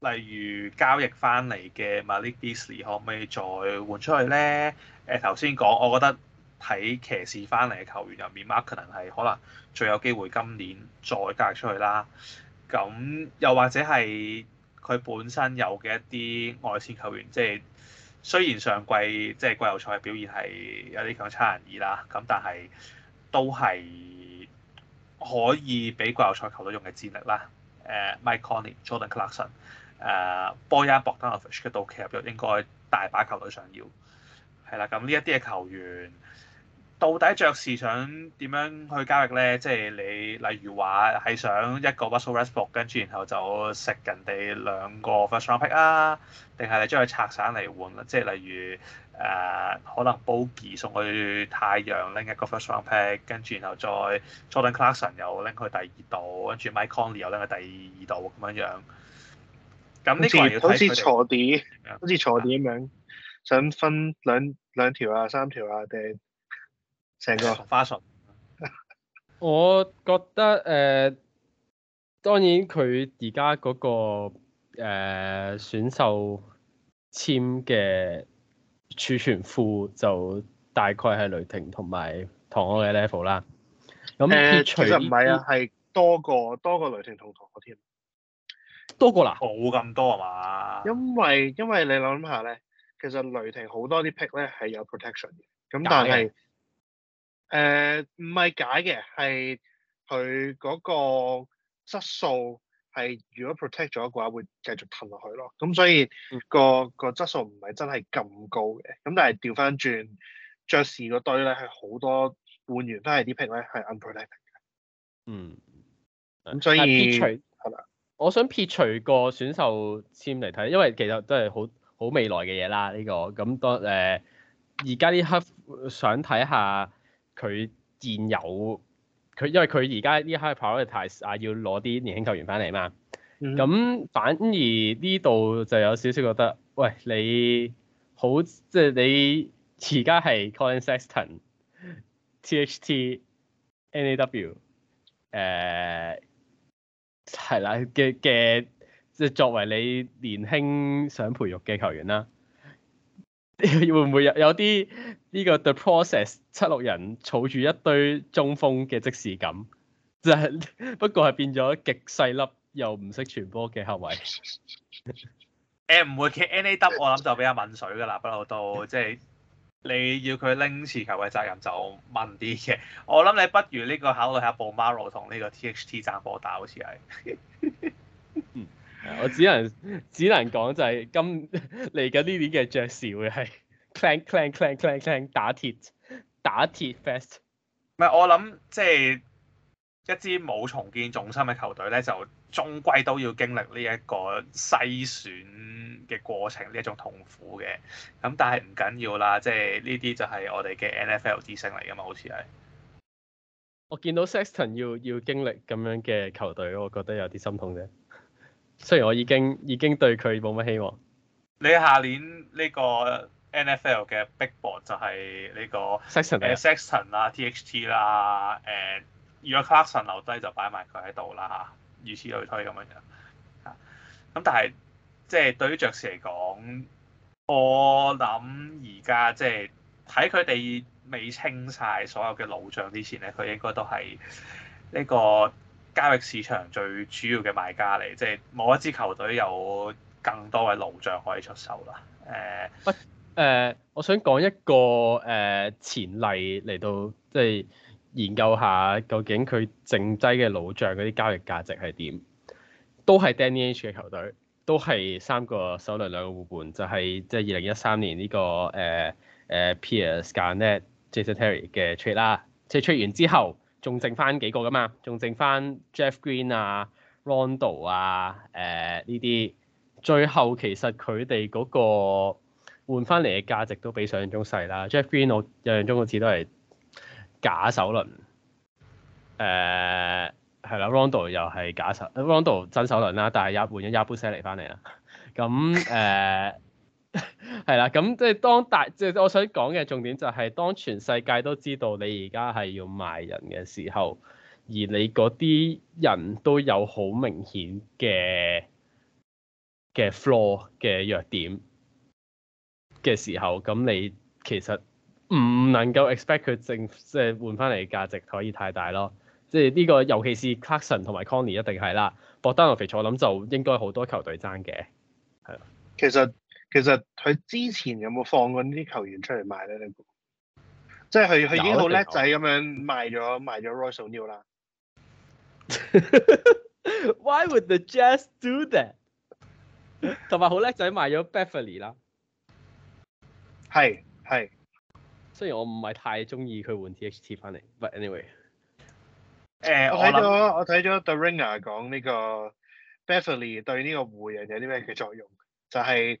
例如交易翻嚟嘅 Malik Beasley 可唔可以再換出去咧？誒、呃，頭先講我覺得睇騎士翻嚟嘅球員入面 Markkanen 係可能最有機會今年再交易出去啦。咁又或者係佢本身有嘅一啲外線球員，即係。雖然上季即係、就是、季後賽嘅表現係有啲強差人意啦，咁但係都係可以俾季後賽球隊用嘅戰力啦。誒、uh，Mike Conley、uh、Jordan Clarkson、Bojan Bogdanovic 嘅到期合約應該大把球隊想要。係啦，咁呢一啲嘅球員。到底爵士想點樣去交易咧？即係你例如話係想一個 Russell Westbrook 跟住然後就食人哋兩個 first round pick 啊，定係你將佢拆散嚟換？即係例如誒、呃、可能 Boogie 送去太陽拎一個 first round pick，跟住然後再 Jordan Clarkson 又拎去第二度，跟住 Mike Conley 又拎去第二度咁樣樣。咁呢個要睇好似坐啲，好似坐啲咁樣，啊、想分兩兩條啊、三條啊定？成個花純， 我覺得誒、呃，當然佢而家嗰個誒、呃、選秀籤嘅儲存庫就大概係雷霆同埋塘鵝嘅 level 啦。咁、呃、其實唔係啊，係多過多過雷霆同塘鵝添，多過啦，冇咁多啊嘛？因為因為你諗下咧，其實雷霆好多啲 pick 咧係有 protection 嘅，咁但係。誒唔係假嘅，係佢嗰個質素係如果 protect 咗嘅話，會繼續褪落去咯。咁所以、嗰個、嗰個質素唔係真係咁高嘅。咁但係調翻轉爵士嗰堆咧，係好多換完翻嚟啲 pick 咧係 unprotected 嘅。Un 嗯，咁所以撇除，的我想撇除個選秀籤嚟睇，因為其實都係好好未來嘅嘢啦。呢、呢個咁多誒，而家呢刻想睇下。佢現有佢，因為佢而家啲 high profile 太少啊，要攞啲年輕球員翻嚟嘛。咁、mm hmm. 反而呢度就有少少覺得，喂，你好，即、就、係、是、你而家係 Colin Sexton TH、呃、THT、NAW，誒係啦嘅嘅，即係作為你年輕想培育嘅球員啦。 會唔會有有啲呢個 The Process 七六人儲住一堆中鋒嘅即視感，就係、是、不過係變咗極細粒又唔識傳波嘅後衞。誒唔 會嘅 NAW 我諗就比較濛水㗎啦，不嬲都即係、就是、你要佢拎持球嘅責任就濛啲嘅。我諗你不如呢個考慮下布馬羅同呢個 THT 站波打，好似係。 我只能只能講，就係今嚟緊呢年嘅爵士會係 clang clang clang clang clang 打鐵打鐵 fest。唔係，我諗即係一支冇重建重心嘅球隊咧，就終歸都要經歷呢一個篩選嘅過程，呢一種痛苦嘅。咁但係唔緊要啦，即係呢啲就係、是、我哋嘅 NFL 之星嚟噶嘛，好似係。我見到 Sexton 要要經歷咁樣嘅球隊，我覺得有啲心痛嘅。雖然我已經已經對佢冇乜希望。你下年呢個 NFL 嘅 big board 就係呢個 Sexton Sexton 啦、THT 啦，誒，如果 Clarkson 留低就擺埋佢喺度啦嚇，如此類推咁樣樣。咁、嗯、但係即係對於爵士嚟講，我諗而家即係睇佢哋未清晒所有嘅老將之前咧，佢應該都係呢、這個，交易市場最主要嘅買家嚟，即係冇一支球隊有更多嘅老將可以出手啦。誒，不誒，我想講一個誒、uh, 前例嚟到，即、就、係、是、研究下究竟佢淨低嘅老將嗰啲交易價值係點。都係 Danny H 嘅球隊，都係三個首輪兩個互換，就係即係二零一三年呢、這個誒誒、uh, uh, Pierce Garnett Jason Terry 嘅 trade 啦。即係 trade 完之後。仲剩翻幾個㗎嘛？仲剩翻 Jeff Green 啊、Rondo 啊、誒呢啲，最後其實佢哋嗰個換翻嚟嘅價值都比想像中細啦。Jeff Green 我印象中嗰次都係假手輪，誒係啦。Rondo 又係假手，Rondo 真手輪啦，但係一換咗 Yabusele 嚟翻嚟啦。咁誒。 係啦，咁即係當大，即係我想講嘅重點就係，當全世界都知道你而家係要賣人嘅時候，而你嗰啲人都有好明顯嘅嘅 floor 嘅弱點嘅時候，咁你其實唔能夠 expect 佢正，即係換翻嚟嘅價值可以太大咯。即係呢個，尤其是 Clarkson 同埋 Conny 一定係啦，博丹和肥楚我諗就應該好多球隊爭嘅，係啦。其實。其實佢之前有冇放過呢啲球員出嚟賣咧？即係佢佢已經好叻仔咁樣賣咗賣咗 Royce O'Neale 啦。 Why would the Jazz do that？同埋好叻仔賣咗 Beverly 啦。係係。雖然我唔係太中意佢換 THT 翻嚟，but anyway。誒、欸，我睇咗我睇咗 The Ringer 講呢個 Beverly 對呢個湖人有啲咩嘅作用？就係、是。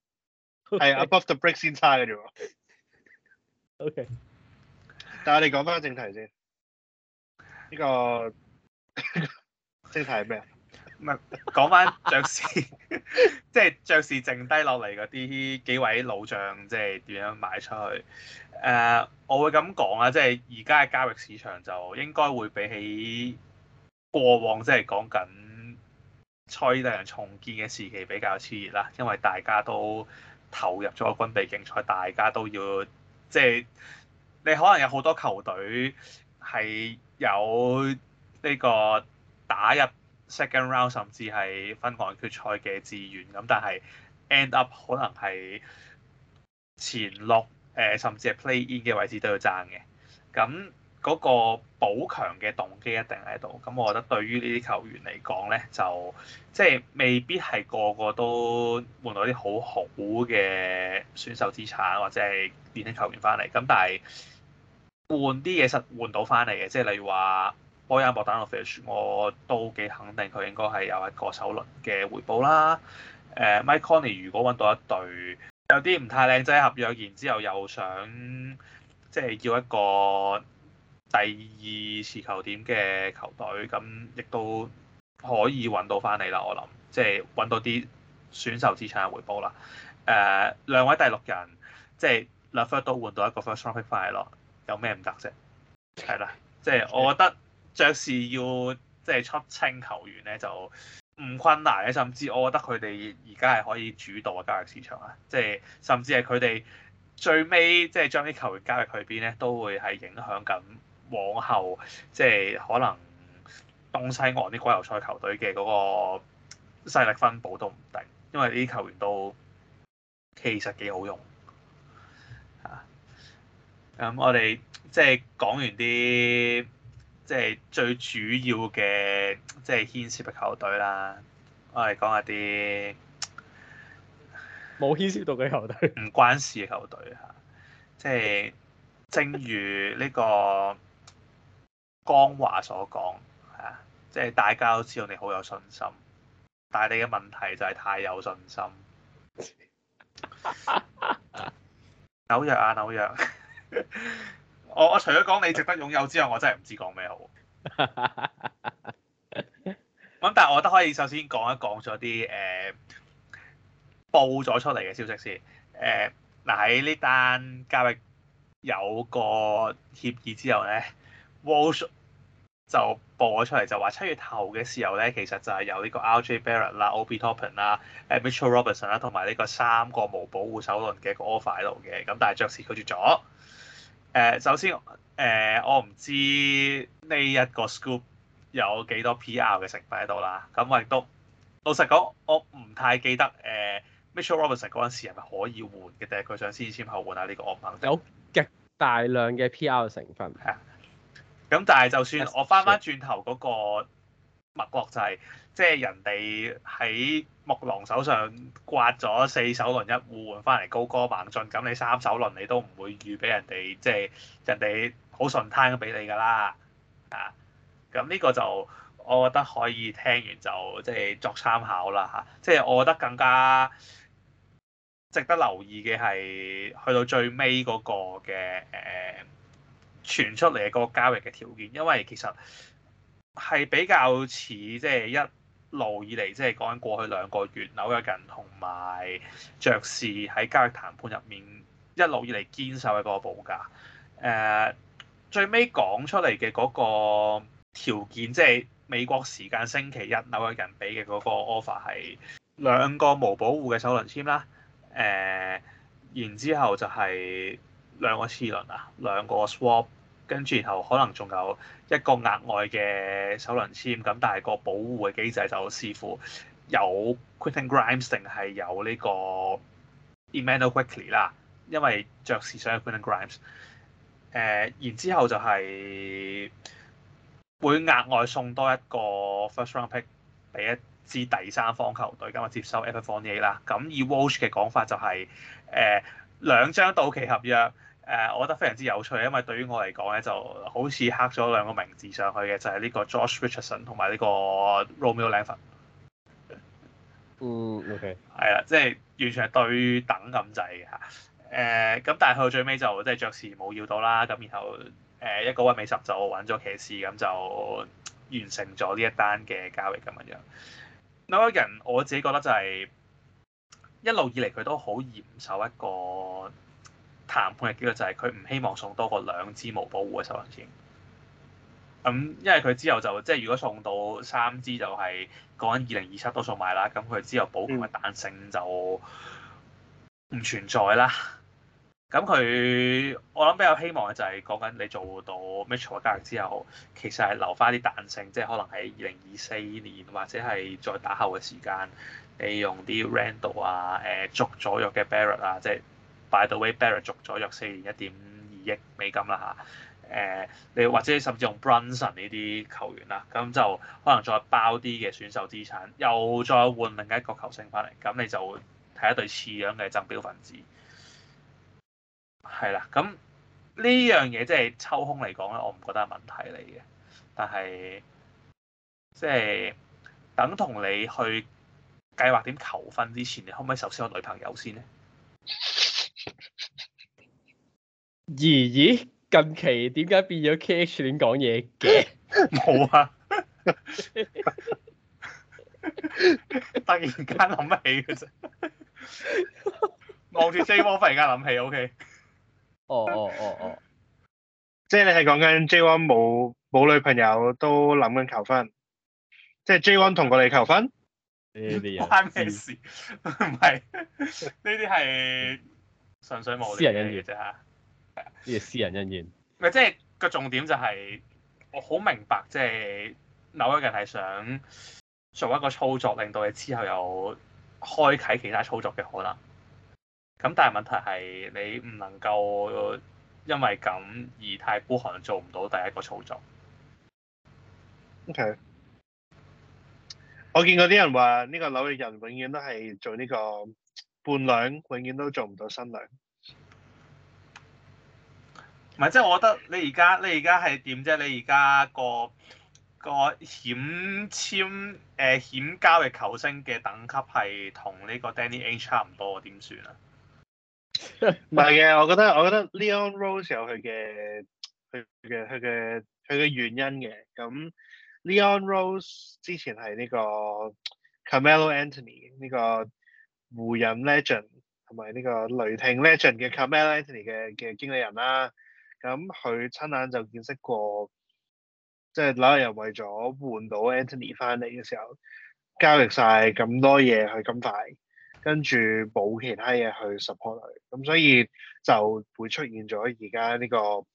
係，above the break Okay. 先差嘅啫。OK，但係我哋講翻正題先。呢、呢個 正題係咩，唔係講翻爵士，即係爵士剩低落嚟嗰啲幾位老將，即係點樣買出去？誒、uh，我會咁講啊，即係而家嘅交易市場就應該會比起過往，即係講緊塞爾特人重建嘅時期比較熾熱啦，因為大家都，投入咗個軍備競賽，大家都要即係、就是、你可能有好多球隊係有呢個打入 second round 甚至係分岸決賽嘅資源咁，但係 end up 可能係前六，誒、甚至係 play in 嘅位置都要爭嘅咁。嗰個補強嘅動機一定喺度，咁我覺得對於呢啲球員嚟講咧，就即係、就係、未必係個個都換到啲好好嘅選手資產或者係年輕球員翻嚟，咁但係換啲嘢實換到翻嚟嘅，即係例如話波音、伯丹洛維奇，我都幾肯定佢應該係有一個首輪嘅回報啦。誒、uh，Mike Conley 如果揾到一隊有啲唔太靚仔合約，然之後又想即係叫一個第二次球點嘅球隊，咁亦都可以揾到翻你啦，我諗，即係揾到啲選手資產嘅回報啦。誒、uh,，兩位第六人，即係 LeVert 都換到一個 First Round Pick 翻嚟咯，有咩唔得啫？係啦，即係我覺得爵士要即係出清球員咧，就唔困難嘅，甚至我覺得佢哋而家係可以主導嘅交易市場啦，即係甚至係佢哋最尾即係將啲球員交易去邊咧，都會係影響緊。往後即係、就是、可能東西岸啲季後賽球隊嘅嗰個勢力分佈都唔定，因為呢啲球員都其實幾好用咁、啊、我哋即係講完啲即係最主要嘅即係牽涉嘅球隊啦，我哋講下啲冇牽涉到嘅球隊，唔 關事嘅球隊嚇。即、啊、係、就是、正如呢、這個。江華所講係啊，即係大家都知道你好有信心，但係你嘅問題就係太有信心。紐約 啊，紐約！ 我我除咗講你值得擁有之外，我真係唔知講咩好。咁 但係我覺得可以首先講一講咗啲誒報咗出嚟嘅消息先。誒嗱喺呢單交易有個協議之後咧。就播咗出嚟就話七月頭嘅時候咧，其實就係有呢個 RJ Barrett 啦、Obi Toppin 啦、誒 Mitchell Robinson 啦，同埋呢個三個冇保護首輪嘅一個 offer 喺度嘅，咁但係爵士拒絕咗。誒、呃，首先誒、呃，我唔知呢一個 scoop 有幾多 PR 嘅成分喺度啦。咁我亦都老實講，我唔太記得誒、呃、Mitchell Robinson 嗰陣時係咪可以換嘅，定係佢想先簽後換下、啊、呢、這個 option？有極大量嘅 PR 的成分。咁但係就算我翻翻轉頭嗰個脈絡就係，即係人哋喺木狼手上刮咗四手輪一互換翻嚟高歌猛進，咁你三手輪你都唔會預俾人哋，即係人哋好順攤咁俾你噶啦，啊！咁呢個就我覺得可以聽完就即係作參考啦嚇，即係我覺得更加值得留意嘅係去到最尾嗰個嘅誒，傳出嚟嘅個交易嘅條件，因為其實係比較似即係一路以嚟，即係講緊過去兩個月紐約人同埋爵士喺交易談判入面一路以嚟堅守嘅嗰個報價，uh。最尾講出嚟嘅嗰個條件，即係美國時間星期一紐約人俾嘅嗰個 offer 係兩個無保護嘅首輪簽啦。誒、uh，然之後就係、是。兩個次輪啊，兩個 swap，跟住然後可能仲有一個額外嘅首輪籤，咁但係個保護嘅機制就視乎有 Quentin Grimes 定係有個呢個 Immanuel Quickley 啦，因為爵士想係 Quentin Grimes。誒、呃，然之後就係會額外送多一個 first round pick 俾一支第三方球隊，今日接收 Evan Fournier 啦。咁以 Woj 嘅講法就係誒兩張到期合約。誒，uh, 我覺得非常之有趣，因為對於我嚟講咧，就好似刻咗兩個名字上去嘅，就係、是、呢個 Josh Richardson 同埋呢個 Romeo l a n f a n t o k 係啊，即係完全係對等咁滯嘅嚇。誒，咁但係去到最尾就即係爵士冇要到啦。咁然後誒、uh, 一個韋美十就揾咗騎士，咁就完成咗呢一單嘅交易咁樣樣。嗰、那個人我自己覺得就係、是、一路以嚟佢都好嚴守一個。談判嘅結局就係佢唔希望送多過兩支無保護嘅首輪簽。咁、嗯、因為佢之後就即係如果送到三支就係講緊二零二七都送埋啦。咁、那、佢、個、之後補強嘅彈性就唔存在啦。咁佢我諗比較希望嘅就係講緊你做到 Mitchell 嘅交易之後，其實係留翻啲彈性，即係可能係二零二四年或者係再打後嘅時間，你用啲 Randall 啊、誒足咗右嘅 Barrett 啊，即係。by the way，Barrett 續咗約四年一點二億美金啦嚇。誒、呃，你或者甚至用 Brunson 呢啲球員啦，咁就可能再包啲嘅選秀資產，又再換另一個球星翻嚟，咁你就睇一隊似樣嘅爭標分子。係啦，咁呢樣嘢即係抽空嚟講咧，我唔覺得係問題嚟嘅。但係即係等同你去計劃點求婚之前，你可唔可以首先揾女朋友先呢？咦咦，近期點解變咗 K H 點講嘢嘅？冇啊！突然間諗起嘅啫， 望住 J One 忽然間諗起，O K。哦哦哦哦，即係你係講緊 J One 冇冇女朋友都諗緊求婚，即係 J One 同過你求婚？呢啲嘢？關咩事？唔係，呢啲係純粹無聊嘅啫。呢啲私人恩怨，咪即係個重點就係、是、我好明白，即係紐約人係想做一個操作，令到你之後有開啟其他操作嘅可能。咁但係問題係你唔能夠因為咁而太孤寒，做唔到第一個操作。OK，我見過啲人話呢、這個紐約人永遠都係做呢個伴娘，永遠都做唔到新娘。唔係，即係我覺得你而家你而家係點啫？你而家、個個險簽誒、呃、險交嘅球星嘅等級係同呢個 Danny H. H. H 差唔多，點算啊？唔係嘅，我覺得我覺得 Leon Rose 有佢嘅佢嘅佢嘅佢嘅原因嘅。咁 Leon Rose 之前係呢個 Carmelo Anthony 呢個湖人 Legend 同埋呢個雷霆 Legend 嘅 Carmelo Anthony 嘅嘅經理人啦、啊。咁佢親眼就見識過，即係紐約人為咗換到 Anthony 翻嚟嘅時候，交易晒咁多嘢去金塊，跟住冇其他嘢去 support 佢，咁所以就會出現咗而家呢個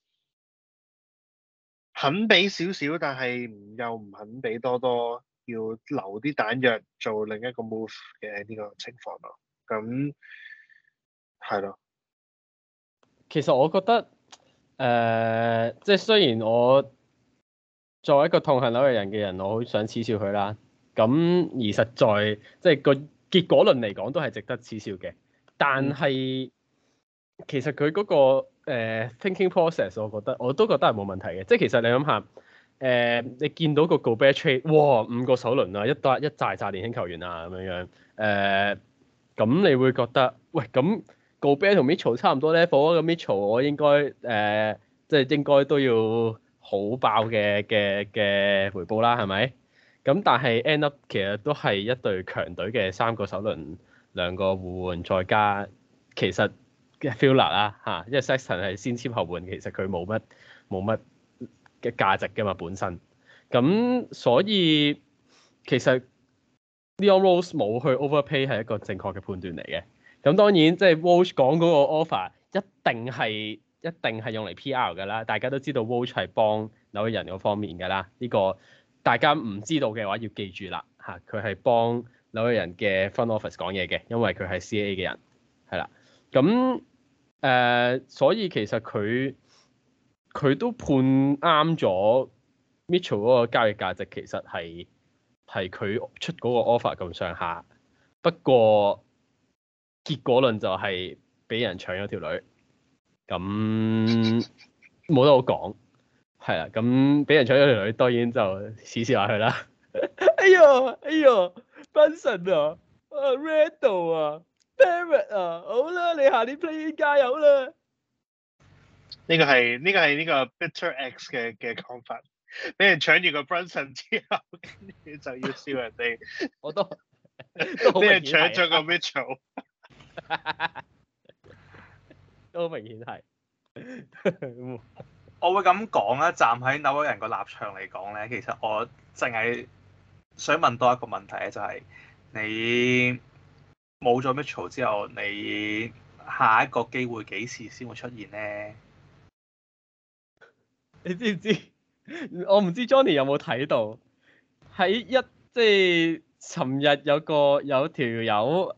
肯俾少少，但係唔又唔肯俾多多，要留啲彈藥做另一個 move 嘅呢個情況咯。咁係咯，其實我覺得。誒、呃，即係雖然我作為一個痛恨紐約人嘅人，我好想恥笑佢啦。咁而實在，即係個結果論嚟講，都係值得恥笑嘅。但係其實佢嗰、那個、呃、thinking process，我覺得我都覺得係冇問題嘅。即係其實你諗下，誒、呃、你見到個 Gobert trade，哇，五個首輪啊，一堆一扎紮年輕球員啊，咁樣、呃、樣誒，咁你會覺得喂咁。Gobert 同 Mitchell 差唔多咧，不過咁 Mitchell 我應該誒，即、呃、係應該都要好爆嘅嘅嘅回報啦，係咪？咁但係 end up 其實都係一隊強隊嘅三個首輪，兩個互換，再加其實嘅 filler 啦吓、啊，因為 Sexton 係先簽後換，其實佢冇乜冇乜嘅價值噶嘛本身。咁所以其實 Leon Rose 冇去 overpay 係一個正確嘅判斷嚟嘅。咁當然，即係 Walsh 講嗰個 offer 一定係一定係用嚟 PR 㗎啦。大家都知道 Walsh 係幫紐約人嗰方面㗎啦。呢個大家唔知道嘅話，要記住啦嚇，佢係幫紐約人嘅 front office 講嘢嘅，因為佢係 CAA 嘅人，係啦。咁誒、呃，所以其實佢佢都判啱咗 Mitchell 嗰個交易價值，其實係係佢出嗰個 offer 咁上下，不過。結果論就係俾人搶咗條女，咁冇得好講，係啊，咁俾人搶咗條女，當然就笑笑下佢啦、哎。哎呦，哎呦，Brunson 啊，Redo 啊, Red 啊，Barrett 啊，好啦，你下年 Play-in 加油啦。呢 個係呢個係呢個 Bitter X 嘅嘅講法，俾人搶住個 Brunson 之後， 就要笑人哋。 我都都好。俾人搶咗個 Mitchell。 都明顯係，我會咁講啊。站喺紐約人個立場嚟講咧，其實我淨係想問多一個問題咧，就係你冇咗 Mitchell 之後，你下一個機會幾時先會出現咧？ 你知唔知？我唔知 Johnny 有冇睇到？喺一即係尋日有個有條友。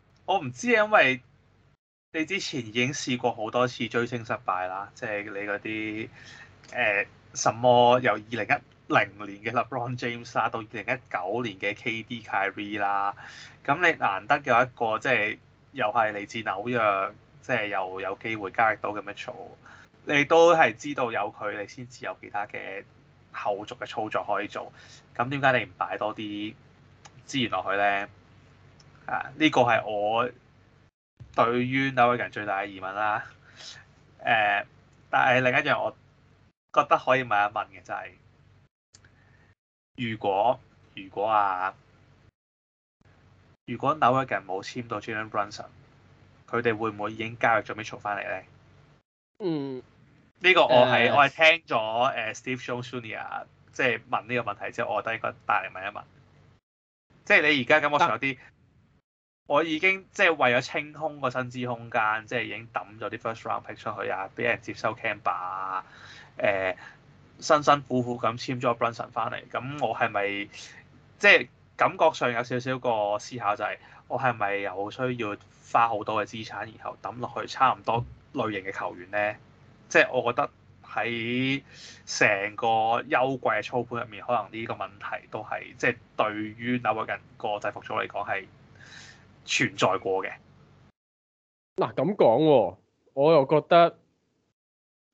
我唔知，因為你之前已經試過好多次追星失敗啦，即係你嗰啲誒什麼由二零一零年嘅 LeBron James 啦，到二零一九年嘅 KD Kyrie 啦，咁你難得有一個即係又係嚟自紐約，即係又有機會交易到咁樣做，你都係知道有佢，你先至有其他嘅後續嘅操作可以做。咁點解你唔擺多啲資源落去咧？呢個係我對於 Knicks 最大嘅疑問啦。誒，但係另一樣我覺得可以問一問嘅就係、是，如果如果啊，如果 Knicks 冇簽到 Jalen Brunson 佢哋會唔會已經加入咗 Mitchell 翻嚟咧？嗯，呢個我係、呃、我係聽咗誒 Steve Jones Jr. 即係問呢個問題之後，我覺得應該帶嚟問一問。即、就、係、是、你而家咁，我仲有啲。嗯我已經即係為咗清空個薪資空間，即係已經抌咗啲 first round pick 出去啊，俾人接收 Kemba 啊、呃，誒辛辛苦苦咁簽咗 Brunson 翻嚟，咁我係咪即係感覺上有少少個思考就係我係咪有需要花好多嘅資產，然後抌落去差唔多類型嘅球員咧？即係我覺得喺成個休季嘅操盤入面，可能呢個問題都係即係對於紐約人個制服組嚟講係存在過嘅，嗱，咁講，我又覺得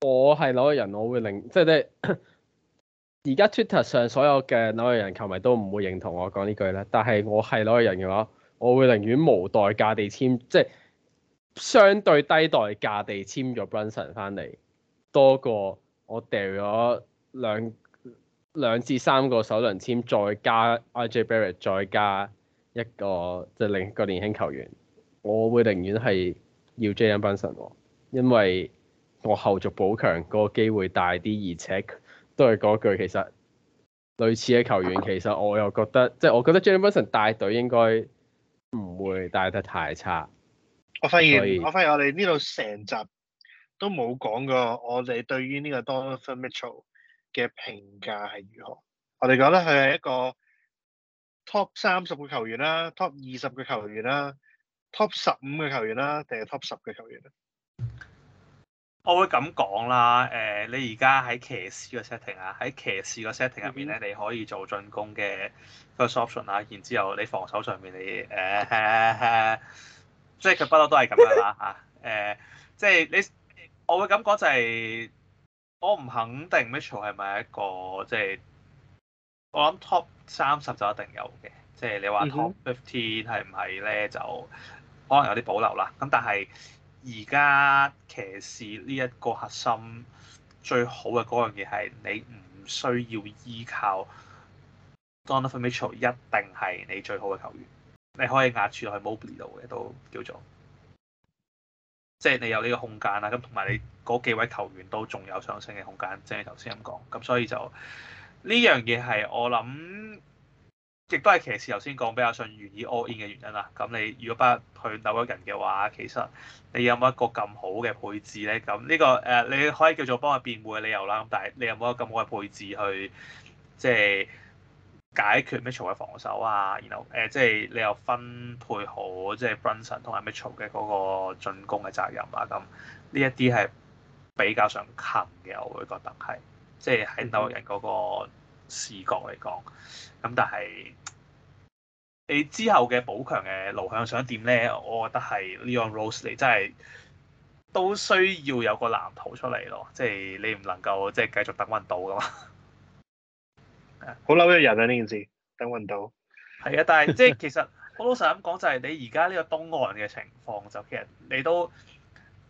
我係紐約人，我會令即係咧，而家 Twitter 上所有嘅紐約人球迷都唔會認同我講呢句咧。但係我係紐約人嘅話，我會寧願無代價地簽，即係相對低代價地簽咗 Brunson 翻嚟，多過我掉咗兩兩至三個首輪簽，再加 RJ Barrett，再加。一個即係另一個年輕球員，我會寧願係要 Jalen Brunson，n 因為我後續補強嗰、那個機會大啲，而且都係嗰句其實類似嘅球員，其實我又覺得即係、就是、我覺得 Jalen Brunson n 帶隊應該唔會帶得太差。我發，以我發現我發現我哋呢度成集都冇講過我哋對於呢個 Donovan Mitchell 嘅評價係如何，我哋覺得佢係一個。Top 三十個球員啦、啊，Top 二十個球員啦、啊，Top 十五個球員啦、啊，定係 Top 十個球員？我會咁講啦，誒、呃，你而家喺騎士個 setting 啊，喺騎士個 setting 入面咧，你可以做進攻嘅 first option 啦。然之後你防守上面你誒誒、呃啊啊啊，即係佢不嬲都係咁樣啦吓，誒、 啊，即係你我會咁講就係、是，我唔肯定 Mitchell 係咪一個即係。我諗 Top 三十就一定有嘅，即係你話 Top Fifteen 係唔係咧？就可能有啲保留啦。咁但係而家騎士呢一個核心最好嘅嗰樣嘢係，你唔需要依靠 Donovan Mitchell 一定係你最好嘅球員，你可以壓住落去 Mobley 度嘅，都叫做即係你有呢個空間啦。咁同埋你嗰幾位球員都仲有上升嘅空間，即係頭先咁講。咁所以就～呢樣嘢係我諗，亦都係騎士頭先講比較願意 all in 嘅原因啦。咁你如果不去紐約人嘅話，其實你有冇一個咁好嘅配置咧？咁呢、這個誒你可以叫做幫我辯護嘅理由啦。咁但係你有冇一個咁好嘅配置去即係、就是、解決 Mitchell 嘅防守啊？然後誒即係你又分配好即係、就是、Brunson 同埋 Mitchell 嘅嗰個進攻嘅責任啊？咁呢一啲係比較上近嘅，我會覺得係。即係喺紐約人嗰個視角嚟講，咁但係你之後嘅補強嘅路向想點咧？我覺得係 Leon Rose 嚟，真係都需要有個藍圖出嚟咯。即係你唔能夠即係繼續等運到噶嘛。好嬲一人啊！呢件事等運到。係 啊，但係即係其實好老實咁講，就係你而家呢個東岸嘅情況，就其實你都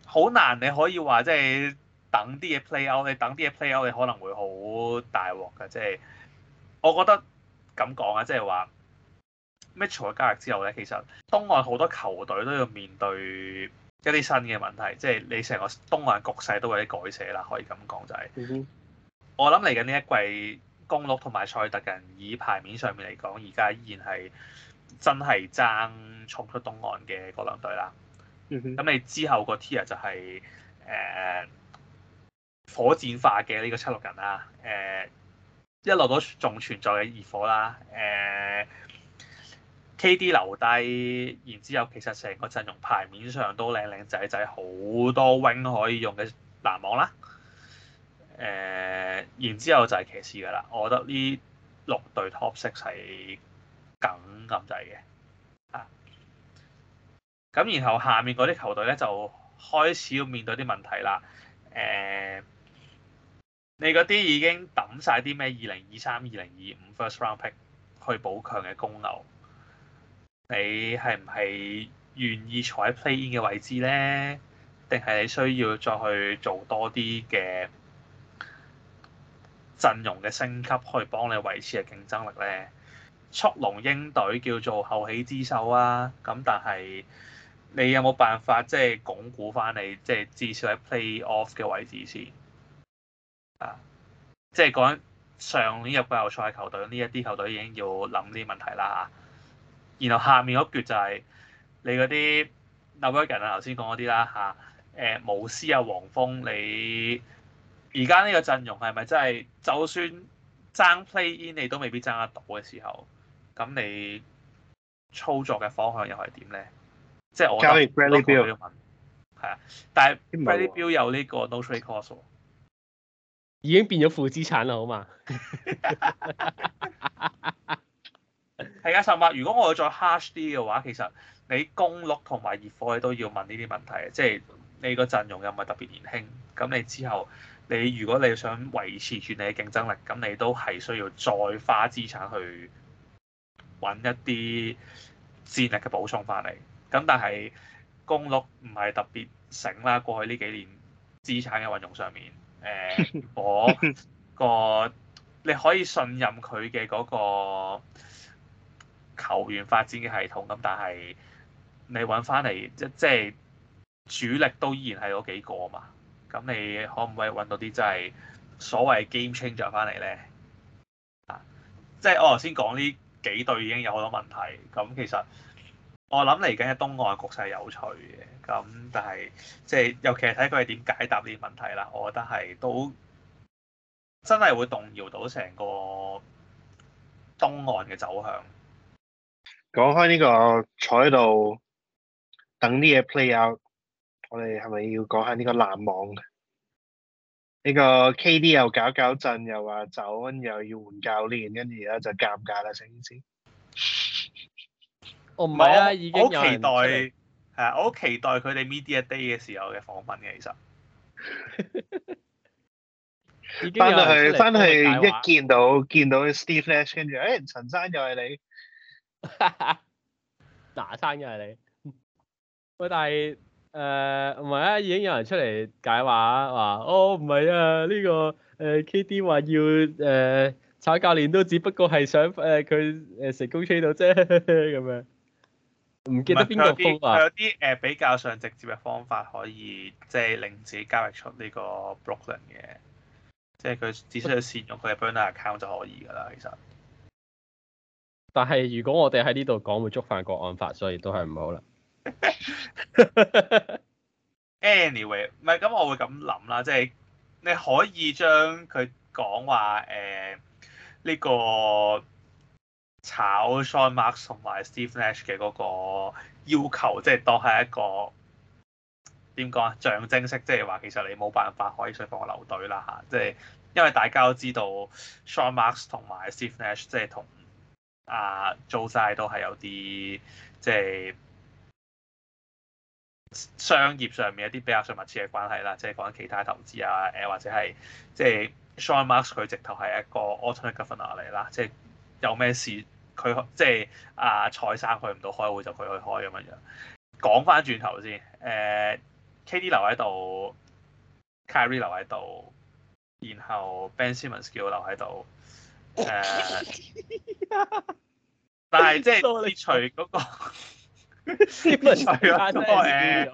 好難，你可以話即係。等啲嘢 play out，你等啲嘢 play out，你可能會好大鑊㗎。即係我覺得咁講啊，即係話 Mitchell 加入之後咧，其實東岸好多球隊都要面對一啲新嘅問題。即係你成個東岸局勢都有啲改寫啦，可以咁講就係。Mm hmm. 我諗嚟緊呢一季，公鹿同埋賽特人以牌面上面嚟講，而家依然係真係爭重出東岸嘅嗰兩隊啦。嗯哼 mm hmm. 咁你之後個 Tier 就係誒。呃火箭化嘅呢個七六人啊，誒、欸、一落到仲存在嘅熱火啦，誒、欸、KD 留低，然之後其實成個陣容牌面上都靚靚仔仔好多 wing 可以用嘅籃網啦，誒、欸，然之後就係騎士噶啦，我覺得呢六隊 top six 係梗咁滯嘅啊，咁然後下面嗰啲球隊咧就開始要面對啲問題啦，誒、欸。你嗰啲已經抌晒啲咩？二零二三、二零二五 First Round Pick 去補強嘅公牛，你係唔係願意坐喺 Play In 嘅位置呢？定係你需要再去做多啲嘅陣容嘅升級，去幫你維持嘅競爭力呢？速龍鷹隊叫做後起之秀啊，咁但係你有冇辦法即係鞏固翻你，即係至少喺 Play Off 嘅位置先？啊，即係講上年入季後賽球隊，呢一啲球隊已經要諗啲問題啦吓、啊。然後下面嗰句就係、是、你嗰啲 New England 啊，頭先講嗰啲啦吓。誒、啊，巫、啊、師啊，黃蜂，你而家呢個陣容係咪真係就算爭 Play In 你都未必爭得到嘅時候，咁你操作嘅方向又係點咧？即係我諗。Bradley Beal 係啊，但係 Beal 有呢個 No Trade Clause。已經變咗負資產啦，好嘛？係啊，十麥。如果我再 hard 啲嘅話，其實你公鹿同埋熱火你都要問呢啲問題，即係你個陣容又唔係特別年輕，咁你之後你如果你想維持住你嘅競爭力，咁你都係需要再花資產去搵一啲戰力嘅補充翻嚟。咁但係公鹿唔係特別醒啦，過去呢幾年資產嘅運用上面。誒，我、呃、個你可以信任佢嘅嗰個球員發展嘅系統咁，但係你揾翻嚟，即即係主力都依然係嗰幾個嘛？咁你可唔可以揾到啲真係所謂 game changer 翻嚟咧？即、啊、係、即係，我頭先講呢幾隊已經有好多問題，咁其實。我諗嚟緊喺東岸局勢有趣嘅，咁但係即係，尤其係睇佢哋點解答呢啲問題啦。我覺得係都真係會動搖到成個東岸嘅走向。講開呢個坐喺度等啲嘢 play out，我哋係咪要講下呢個籃網？呢個 KD 又搞搞震，又話走，跟住又要換教練，跟住咧就尷尬啦，成件事。Oh，我唔係啊！已經有我期待係，啊、我好期待佢哋 media day 嘅時候嘅訪問嘅，其實翻到去翻去一見到見到 Steve Nash，跟住誒陳生又係你，拿生又係你。喂 但係誒唔係啊！已經有人出嚟解話話，哦，唔係啊！呢，呢個誒、呃、K D 話要誒、呃、炒教練都只不過係想誒佢誒成功追到啫咁樣。唔記得邊個方法、啊？佢有啲誒比較上直接嘅方法，可以即係、就是、令自己交易出呢個 Brooklyn 嘅，即係佢只需要善用佢嘅 burner account 就可以噶啦。其實，但係如果我哋喺呢度講會觸犯國安法，所以都係唔好啦。 Anyway，唔係咁，我會咁諗啦，即、就、係、是、你可以將佢講話誒呢個。炒 Sean Marks 同埋 Steve Nash 嘅嗰個要求，即係當係一個點講啊？象徵式，即係話其實你冇辦法可以再幫我留隊啦吓，即係因為大家都知道 Sean Marks 同埋 Steve Nash，即係同啊 Joe Tsai 都係有啲即係商業上面一啲比較密切嘅關係啦。即係講緊其他投資啊，誒或者係即係 Sean Marks 佢直頭係一個 Alternate Governor 嚟啦，即係有咩事。佢即係阿蔡生去唔到開會就佢去開咁樣樣。講翻轉頭先，誒 KD 留喺度，Kyrie 留喺度，然後 Ben Simmons 叫留喺度，誒， 但係即係剔除嗰、那個，係咯，嗰個誒、呃，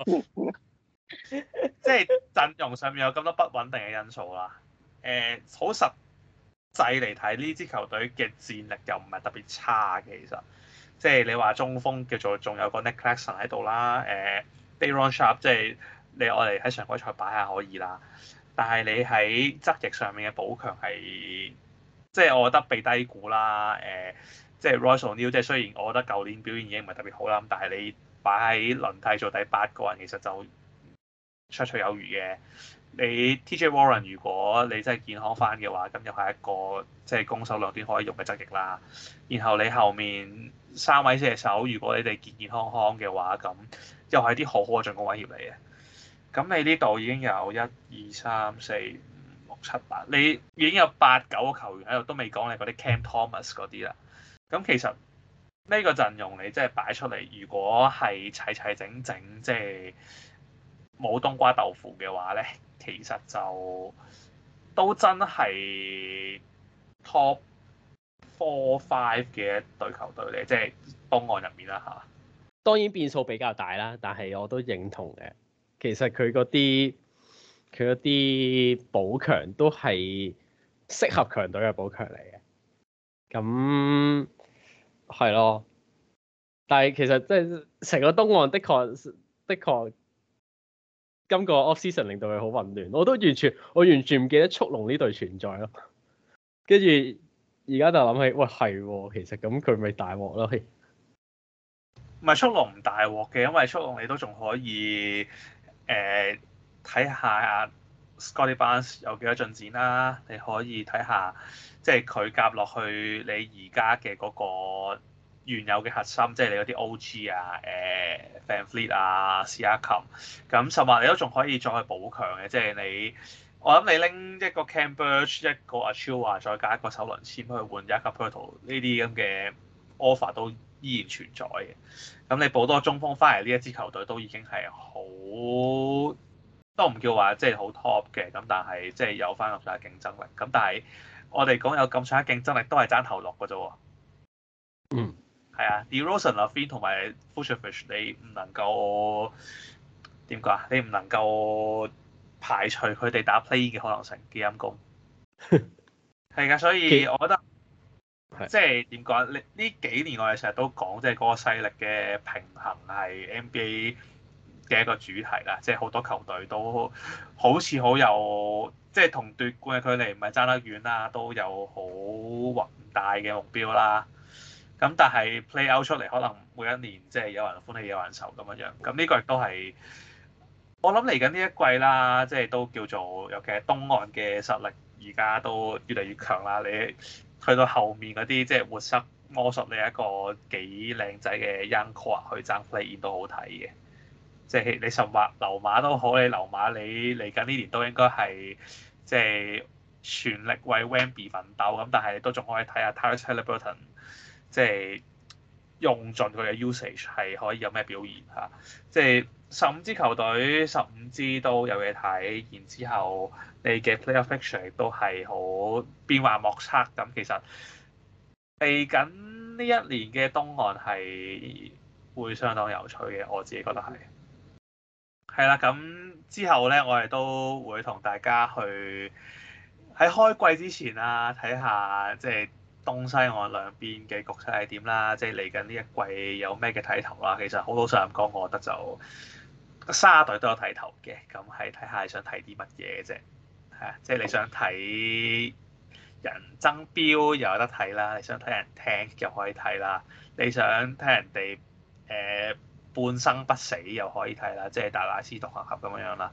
即係陣容上面有咁多不穩定嘅因素啦，誒、呃，好實。制嚟睇呢支球隊嘅戰力又唔係特別差嘅，其實，即係你話中鋒叫做仲有個 Nic Claxton 喺度啦，誒、呃、Day'Ron Sharpe 即係你我哋喺常規賽擺下可以啦，但係你喺側翼上面嘅補強係，即、就、係、是、我覺得被低估啦，誒、呃就是 so、即係 Royce O'Neale，即係雖然我覺得舊年表現已經唔係特別好啦，但係你擺喺輪替做第八個人其實就綽綽有餘嘅。你 TJ Warren 如果你真係健康翻嘅話，咁又係一個即係攻守兩端可以用嘅側翼啦。然後你後面三位射手如果你哋健健康康嘅話，咁又係啲好好嘅進攻威脅嚟嘅。咁你呢度已經有一二三四五六七八，你已經有八九個球員喺度，都未講你嗰啲 Cam Thomas 嗰啲啦。咁其實呢個陣容你即係擺出嚟，如果係齊齊整整即係冇冬瓜豆腐嘅話咧。其實就都真係 top four five 嘅一隊球隊嚟，即係東岸入面啦嚇。當然變數比較大啦，但係我都認同嘅。其實佢嗰啲佢嗰啲補強都係適合強隊嘅補強嚟嘅。咁係咯，但係其實即係成個東岸的確的確。今個 offseason 令到佢好混亂，我都完全我完全唔記得速龍呢隊存在咯，跟住而家就諗起，喂係，其實咁佢咪大鑊咯？唔係速龍唔大鑊嘅，因為速龍你都仲可以誒睇、呃、下、啊、Scottie Barnes 有幾多進展啦、啊，你可以睇下即係佢夾落去你而家嘅嗰個。原有嘅核心，即係你嗰啲 O.G. 啊、誒、呃、VanVleet 啊、Siakam，咁十萬你都仲可以再去補強嘅，即、就、係、是、你我諗你拎一個 Khem Birch、一個 Achiuwa 再加一個首輪籤去換一個 Poeltl 呢啲咁嘅 offer 都依然存在嘅。咁你補多中鋒，翻嚟呢一支球隊都已經係好都唔叫話即係好 top 嘅，咁但係即係有翻咁上下競爭力。咁但係我哋講有咁上下競爭力都係爭頭六嘅啫喎。嗯。係啊，DeRozan 啊 LaVine 同埋 Vucevic 你唔能夠，點講啊？你唔能夠排除佢哋打 play 嘅可能性，幾陰功。係㗎， 所以我覺得即係點講？你呢、 就是、幾年我哋成日都講，即係個勢力嘅平衡係 NBA 嘅一個主題啦。即係好多球隊都好似好有，即係同奪冠嘅距離唔係差得遠啦，都有好宏大嘅目標啦。 咁但係 play out 出嚟，可能每一年即係有人歡喜有人愁咁樣。咁呢個亦都係我諗嚟緊呢一季啦，即係都叫做尤其係東岸嘅實力而家都越嚟越強啦。你去到後面嗰啲即係活塞、魔術，你一個幾靚仔嘅 young core 去爭 play in 都好睇嘅。即係你神馬流馬都好，你流馬你嚟緊呢年都應該係即係全力為 Wemby 奮鬥咁，但係都仲可以睇下 Tyrese Haliburton。即係用盡佢嘅 usage 係可以有咩表現嚇？即係十五支球隊，十五支都有嘢睇。然之後你嘅 playoff picture 亦都係好變幻莫測咁。其實嚟緊呢一年嘅東岸係會相當有趣嘅，我自己覺得係。係啦，咁之後咧，我哋都會同大家去喺開季之前啊，睇下即係。東西岸兩邊嘅局勢係點啦？即係嚟緊呢一季有咩嘅睇頭啦？其實好老實咁講，我覺得就沙隊都有睇頭嘅，咁係睇下你想睇啲乜嘢啫。係啊，即係你想睇人爭標又有得睇啦，你想睇人聽又可以睇啦，你想睇人哋誒、呃、半生不死又可以睇啦，即係達拉斯獨行俠咁樣啦。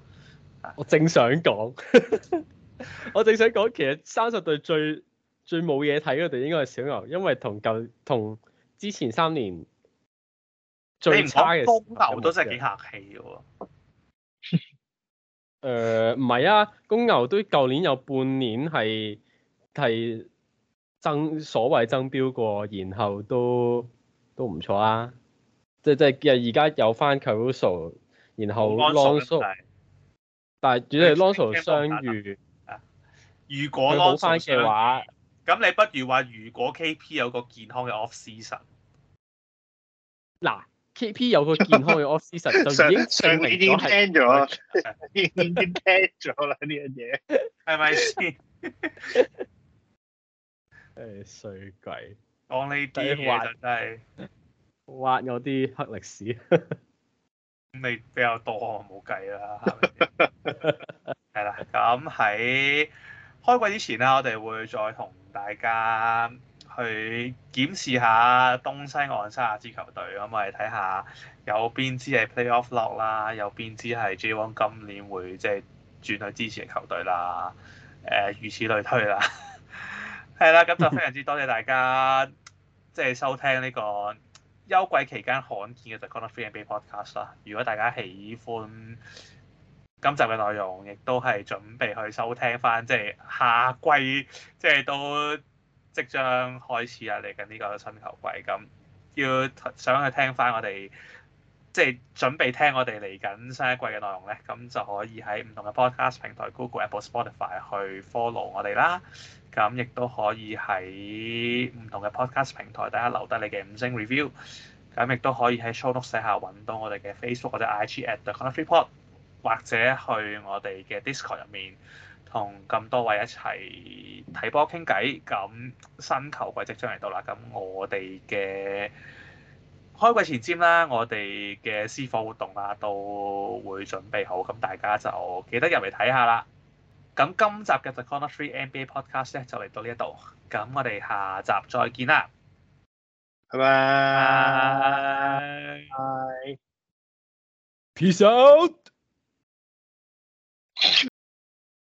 我正想講， 我正想講，其實三十隊最最冇嘢睇，我哋應該係小牛，因為同舊同之前三年最差嘅。公牛都真係幾客氣喎、啊。誒唔係啊，公牛都舊年有半年係係爭所謂爭標過，然後都都唔錯啊。即即係而家有翻 Caruso 然後 Lonzo、嗯嗯嗯嗯、但係主要 Lonzo 相遇，如果好翻嘅話。咁你不如話，如果 KP 有個健康嘅 off season 嗱，KP 有個健康嘅 off season 就已經證明已經聽咗，已經聽咗啦呢樣嘢，係咪先？誒衰鬼，講呢啲其實真係挖我啲黑歷史，咁 你比較多冇計啦，係啦。咁喺 開季之前啦，我哋會再同。大家去檢視下東西岸三亞支球隊，咁我哋睇下有邊支係 Playoff Lock 啦，有邊支係 J1 今年會即係轉去支持嘅球隊啦，誒、呃，如此類推啦。係 啦，咁就非常之多謝大家即係、就是、收聽呢個休季期間罕見嘅就 The Corner 3 NBA Podcast 啦。如果大家喜歡，今集嘅內容，亦都係準備去收聽翻，即係下季，即係都即將開始啊！嚟緊呢個新球季，咁要想去聽翻我哋，即係準備聽我哋嚟緊新一季嘅內容咧，咁就可以喺唔同嘅 podcast 平台，Google、Apple、Spotify 去 follow 我哋啦。咁亦都可以喺唔同嘅 podcast 平台大家留低你嘅五星 review。咁亦都可以喺 show note 底下揾到我哋嘅 Facebook 或者 IG at thecorner3pod。或者去我哋嘅 Discord 入面，同咁多位一齊睇波傾偈。咁新球季即將嚟到啦，咁我哋嘅開季前瞻啦，我哋嘅私夥活動啊都會準備好，咁大家就記得入嚟睇下啦。咁今集嘅 The Corner Three NBA Podcast 咧就嚟到呢一度，咁我哋下集再見啦。拜拜。Peace out.